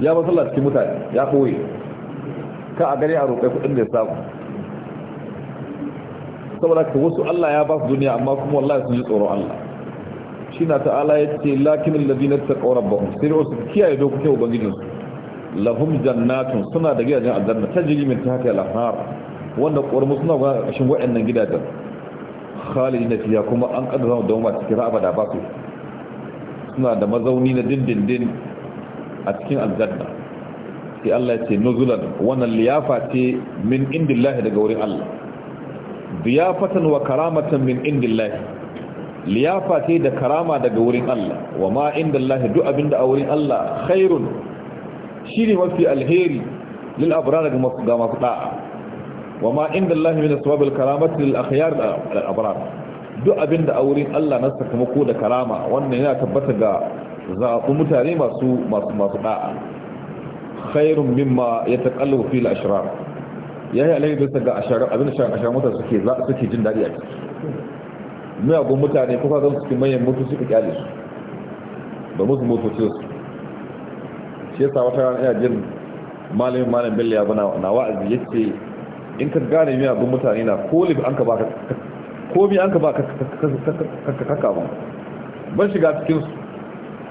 ya bar sallah cikin mutane ya koyi, ka a gari a roƙe kuɗin da ya samu saboda ka wasu Allah ya ba su duniya amma kuma wallahi sun ji tsoron Allah shi na ta'ala ya ce lakin alladhina taqaw rabbahum sai wasu kiyaye dokokin ubangijinsu lahum jannatun suna da gidajen aljanna tajri min haka ya lahar wanda ƙormu suna gwana ƙarƙashin waɗannan gidajen Khalid na fiya kuma an ƙaddara da wama cikin ra'aba da basu suna da mazauni na dindindin a cikin aljanna sai Allah ya ce nuzulan wannan liyafa ce min indillahi daga wurin Allah biyafatan wa karamatan min indillahi liyafa ce da karama daga wurin Allah wa ma inda Allah duk abinda a wurin Allah khairun shi ne mafi alheri lil abrar ga masu da'a wa ma inda Allah min asbab al-karamat lil akhyar da abrar duk abinda a wurin Allah na sakamako da karama wannan yana tabbata ga zaɓu mutane masu masu masu da'a khairun mimma yataqallabu fil ashrar yayi alai bisa ga ashrar abin ashrar ashrar mutane suke za suke jin dadi a ciki miyagun mutane ko kaga suke manyan mutu suka kyale su ba musu motoci su shi yasa wata rana ina jin malamin malam bello ya bana na wa'azi yace in ka gane miya abin mutane na koli an ka baka ko bi an ka baka kaka ba ban shiga cikin su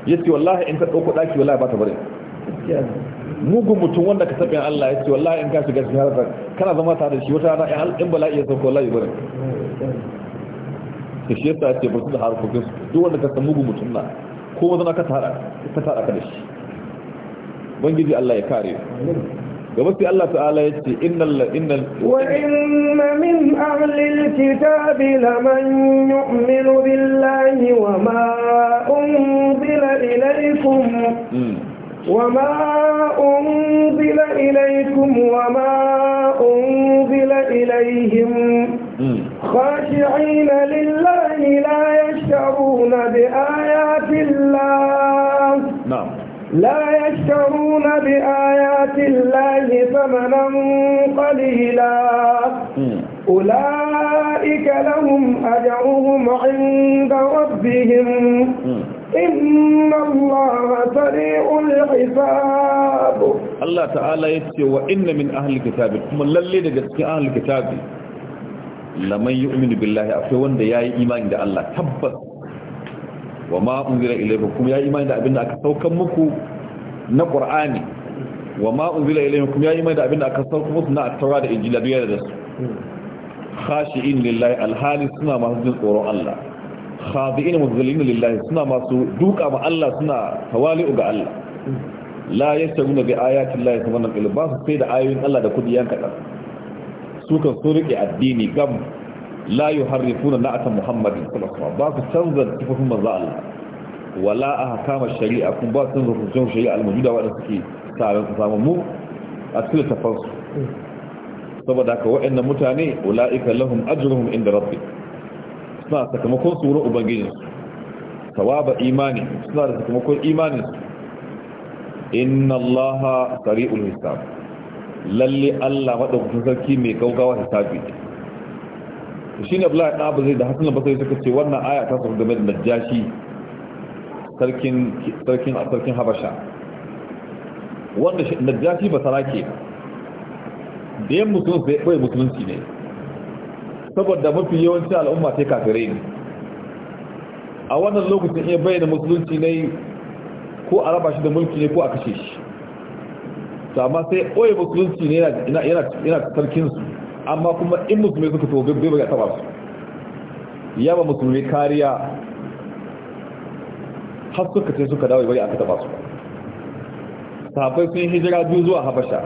yace wallahi in ka dauko daki wallahi ba ta bare mugun mutum wanda ka tabbin Allah yace wallahi in ka shiga cikin harkar kana zama tare da shi wata rana in bala'i ya sauko wallahi bare ta shi yasa yace mutum da harkokin su duk wanda ka san mugun mutum na ko wanda ka tara ka tara ka da shi bangiji Allah ya kare gaba Allah ta'ala yace ce innal innal wa inna min ahli alkitabi laman yu'minu billahi wa ma unzila ilaykum wa ma وما أنزل إليكم وما أنزل إليهم خاشعين لله لا يشترون بآيات الله نعم لا يشترون بآيات الله ثمنا قليلا أولئك لهم أجرهم عند ربهم إن الله سريع الحساب الله تعالى يتي وإن من أهل الكتاب ثم للي دقت أهل الكتاب لمن يؤمن بالله أفوان دياي إيمان دا الله تبت wa ma unzila ilaykum kuma ya imani da abinda aka saukan muku na qur'ani wa ma unzila ilaykum kuma ya imani da abinda aka saukan muku na at-taura da injila da da su khashi'in lillahi alhali suna masu jin tsoron Allah khadi'in muzallin lillahi suna masu duka ma Allah suna tawali'u ga Allah la yastaguna bi ayati llahi subhanahu wa ta'ala ba su sai da ayoyin Allah da kudi yanka su kan so rike addini gam la yuharrifuna na'atan muhammadin sallallahu alaihi wasallam ba ku canza tufafin manzo Allah wala ahkama shari'a kun ba su canza shari'a al-mawjuda suke tsaron su samu mu a cikin tafansu saboda haka waɗannan mutane ula'ika lahum ajruhum inda rabbi suna sakamakon tsoron wurin ubangijin tawaba imani suna da sakamakon imaninsu. inna allaha sari'ul hisab lalle Allah madaukakin sarki mai gaugawa hisabi shi ne abdullahi ɗan abu zai da hasan basari suka ce wannan aya ta sauka game da najashi sarkin sarkin sarkin habasha wanda najashi ba sarake da yan musulunci sai ɓoye musulunci ne saboda mafi yawanci al'umma sai kafirai ne a wannan lokacin iya bayyana musulunci ne ko a raba shi da mulki ne ko a kashe shi to amma sai ɓoye musulunci ne yana sarkinsu amma kuma in musulmi suka to bai bai taba su ya ba musulmi kariya har suka ce suka dawo bai aka taba su sabai sun hijira biyu zuwa habasha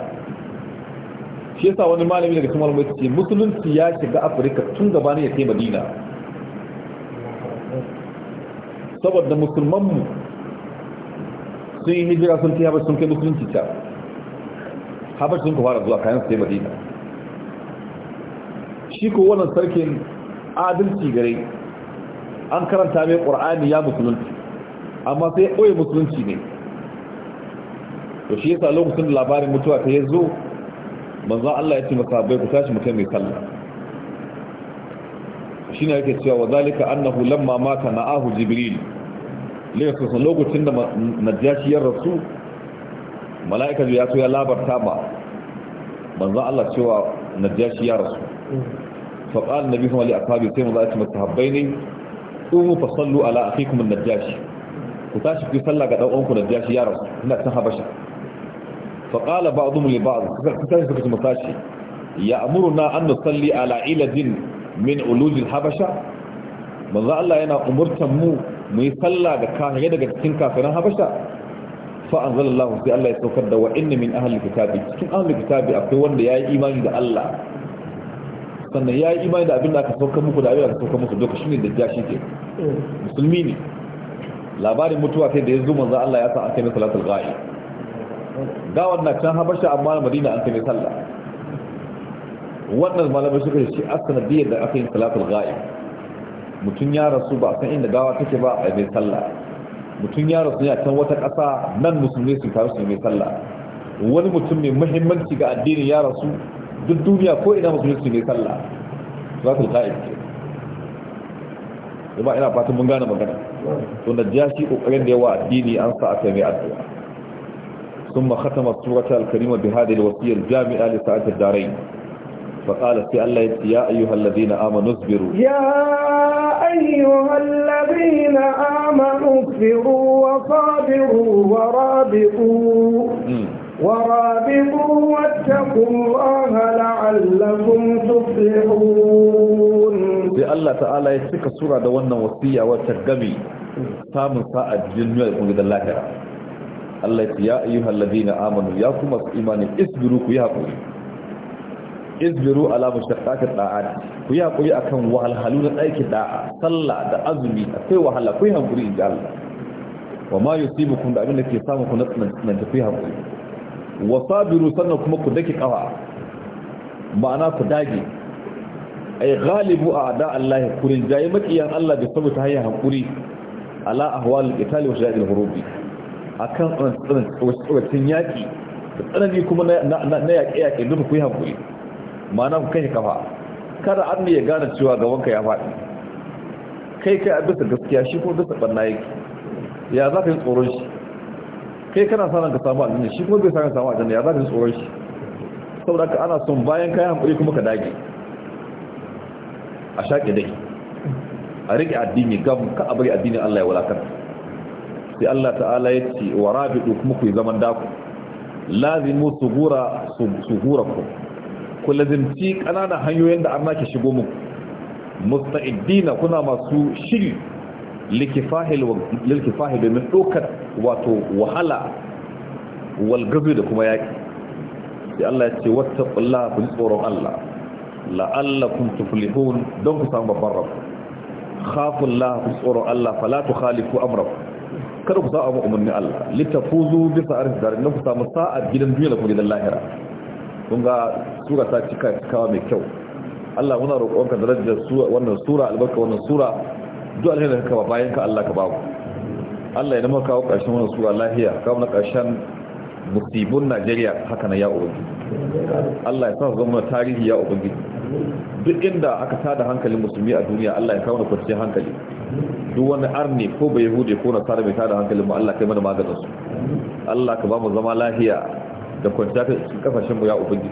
shi yasa wani malami daga kuma malamai ce musulunci ya shiga afirka tun gabanin ya kai madina saboda musulmanmu sun yi hijira sun kai habasha sun kai musulunci ta habasha sun ka zuwa kayan su kai madina shi ko wannan sarkin adalci gare an karanta mai qur'ani ya musulunci amma sai ɓoye musulunci ne to shi yasa lokacin da labarin mutuwa ta yazo manzo Allah ya ce masa bai ku tashi mutum mai sallah shine yake cewa wa zalika annahu lamma mata na'ahu jibril lokacin lokacin da najashi ya rasu mala'ika ya so ya labarta ba manzo Allah cewa najashi ya rasu mm. faɗaɗa na bihun wali a sabi sai maza ake masu habbai ne umu fasallu ala a fi kuma najashi ku tashi fi sallah ga ɗan'onku najashi yaron ina san habasha faɗaɗa ba a zumu ne ba a ku tashi suka ci masashi ya amuru na an na salli min ulujin habasha maza allah yana umurtan mu mu yi da ga kahaye daga cikin kafirin habasha fa an zala allahu sai allah ya sauka da wa'in min ahalin kitabi cikin ahalin kitabi akwai wanda ya yi imani da allah sannan ya yi imani da abin da aka sauka muku da abin da aka sauka muku duka shi ne da ja shi ke musulmi ne labarin mutuwa sai da ya zo manzo Allah ya sa an kai salatul ghaib ga na can habasha amma madina an kai sallah wannan malamai suka ce asanadiyar da aka yi salatul ghaib mutum ya rasu ba san inda gawa take ba a mai sallah mutum ya rasu ya can wata ƙasa nan musulmi su taru su mai sallah wani mutum mai muhimmanci ga addini ya rasu duk duniya ko ina musulunci ne sallah za su ta aiki ba ina fatan mun gane magana tun da jashi kokarin da yawa addini an sa a sami addu'a sun khatama surata alkarima karima bi hadhihi al jamia li sa'at ad-darain fa qala allah ya ayyuha alladhina amanu isbiru ya ayyuha alladhina amanu isbiru wa sabiru wa rabiqu hmm. واتقوا الله لعلكم تفلحون sai Allah ta'ala ya cika sura da wannan wasiya wacce gami samun sa'a jinniyar kuma da lahira Allah ya ayyuhal ladina amanu ya kuma su imanin isbiru ku yi hakuri isbiru ala mushaqqati da'at ku yi hakuri akan wahalhalu na aikin da'a sallah da azumi sai wahala ku yi hakuri inda Allah wa ma yusibukum da abin da ke samu ku na tsananta ku yi hakuri wa sannan kuma ku daki kawa ma'ana ku dage ay ghalibu a'da Allah kurin jayi makiyan Allah da saboda hayya hakuri ala ahwal al-qital wa shada'il hurubi akan tsanan tsanan yaki tsanani kuma na na yaki yaki duka ku yi hakuri ma'ana ku kai kafa kada an ya gane cewa gaban ka ya faɗi kai kai a bisa gaskiya shi ko bisa barna yake ya za ka yi tsoron shi kai kana sa ka samu aljanna shi kuma bai sanar samu aljanna ya za ka ji tsoron shi saboda ka ana son bayan kayan hankali kuma ka dage a shaƙe dai a riƙe addini gam ka a bari addini Allah ya wulakar sai Allah ta'ala ya ce wa rabidu kuma ku yi zaman daku lazimu sugura suguraku ku lazimci ƙananan hanyoyin da an ke shigo muku musta'idina kuna masu shiri likifahi domin ɗaukar wato wahala walgabi da kuma yaƙi da Allah ya ce wata ƙulla ku ji tsoron Allah kun tuflihun don ku samu babban rabu khafun la ku tsoron Allah falatu khalifu amra kada ku sa'a umarni Allah bisa arziki da rinna ku samu sa'a gidan duniya da kuma lahira kun ga sura ta cika cikawa mai kyau Allah muna roƙonka darajar wannan sura albarka wannan sura duk alherin ka ba bayan ka Allah ka bawo Allah ya nemo kawo ƙarshen wani sura lahiya kawo na ƙarshen musibin Najeriya haka na ya ubangi Allah ya sa zama tarihi ya ubangi duk inda aka tada hankalin musulmi a duniya Allah ya kawo na kwanciyar hankali duk wani arni ko bai hude ko nasara mai tada hankalin mu Allah kai mana maganin su Allah ka ba mu zama lahiya da kwanciyar kafashin mu ya ubangi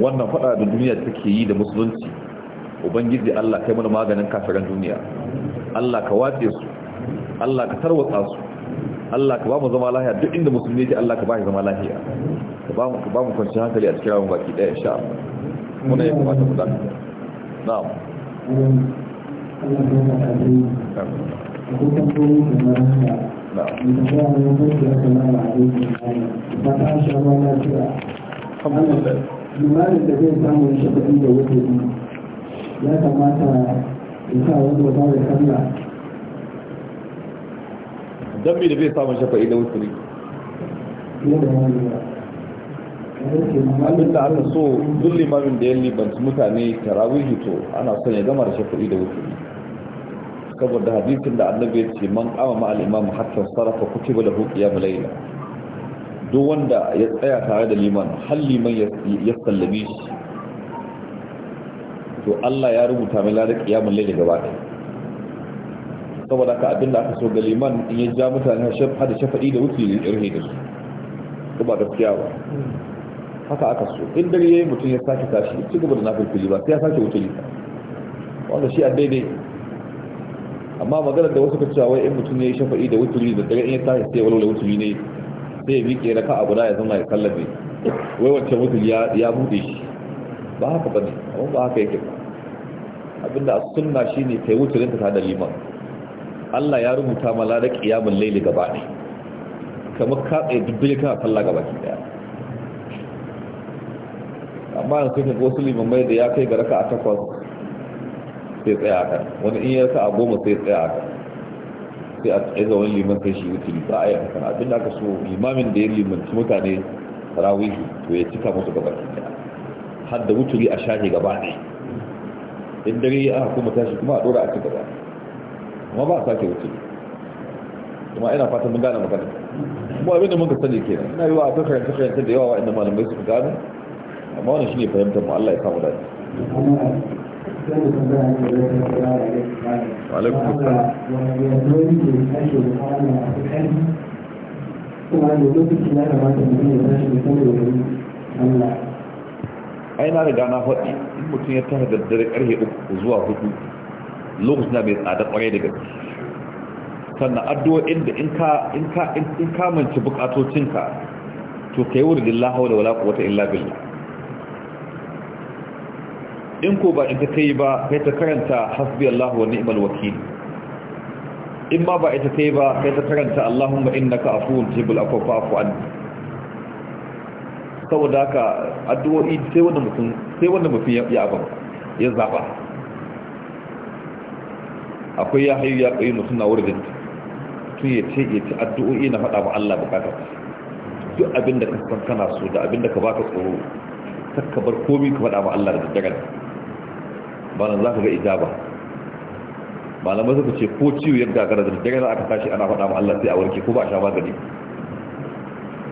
wannan fada da duniya take yi da musulunci ubangiji Allah kai mana maganin kafiran duniya Allah ka watse su Allah ka tarwatsa su Allah ka ba mu zama lahiya duk inda musulmi yake Allah ka ba shi zama lahiya ka ba mu ka ba mu kwanci hankali a cikin rayuwar baki daya insha Allah muna yin kamata mu dace na'am na'am alhamdulillah limanin da zai samu shi kudi da wuce ya kamata ya sa wani wata da sallah dan me da bai samu shafa'i da ne. abin da aka so duk limamin da ya libanci mutane tarawihi to ana son ya gama da shafa'i da wuturi saboda hadisin da annabi ya ce man kama ma al-imam hatta sarafa kutiba lahu qiyam layla duk wanda ya tsaya tare da liman har liman ya sallabi shi to Allah ya rubuta mai ladar kiyamun laili gaba ɗaya saboda ka abinda aka so ga liman in ya ja mutane hada shafaɗi da wuce ne irhe da su ko ba gaskiya ba haka aka so in dare yayi mutum ya sake tashi ci gaba da nafilfili ba sai ya sake wuce lita wanda shi a daidai amma maganar da wasu ka cewa wai in mutum ya yi shafaɗi da wuce da dare in ya tashi sai walwala wuce ne sai ya miƙe raka a guda ya zama ya kallabe wai wancan wuce ya buɗe shi ba haka ba ne amma ba haka yake ba abinda a sunna shi ne kai wuturinka ta da liman Allah ya rubuta mala da ƙiyamun laili gaba ne kamar ka tsaye dubbe kana sallah gaba ki daya amma an kai ga wasu mai da ya kai ga raka a takwas sai tsaya a kan wani in ya raka a goma sai tsaya a kan sai a tsaye ga wani liman kai shi wuturi ba a yi hakan abinda aka so limamin da ya limanci mutane rawihi to ya cika musu gaba ki daya har da wuturi a shahi gaba ne in dare ya aka kuma tashi kuma a dora a ci gaba kuma ba a sake wuturi kuma ina fatan mun gane magana kuma abinda mun ka sani kenan ina yi wa akwai karanta karanta da yawa wa inda malamai suka gano amma wannan shine fahimtar mu Allah ya samu dace wa alaikum assalam aina na riga na faɗi in mutum ya tafi daddare ƙarfe uku zuwa hudu lokacin da mai tsada ƙwarai da gaske sannan addu'o'in da in ka in ka in ka bukatocinka to kai da lillahi da wala quwwata illa billah in ko ba in ta kai ba kai ta karanta hasbiyallahu wa ni'mal wakeel in ma ba ita kai ba kai ta karanta allahumma innaka afuwun tuhibbul afwa fa'fu anni saboda haka addu'o'i sai wanda mutum sai wanda mutum ya abin ya zaba akwai ya hayu ya mutum na wurin tun ya ce ya ce addu'o'i na faɗa ba Allah bukatar duk abin da ka san kana so da abin da ka baka tsoro ka bar komi ka faɗa ba Allah da daddare ba nan za ka ga ijaba malamai suka ce ko ciwo yadda gagara da daddare za aka tashi ana faɗa ba Allah sai a warke ko ba a sha magani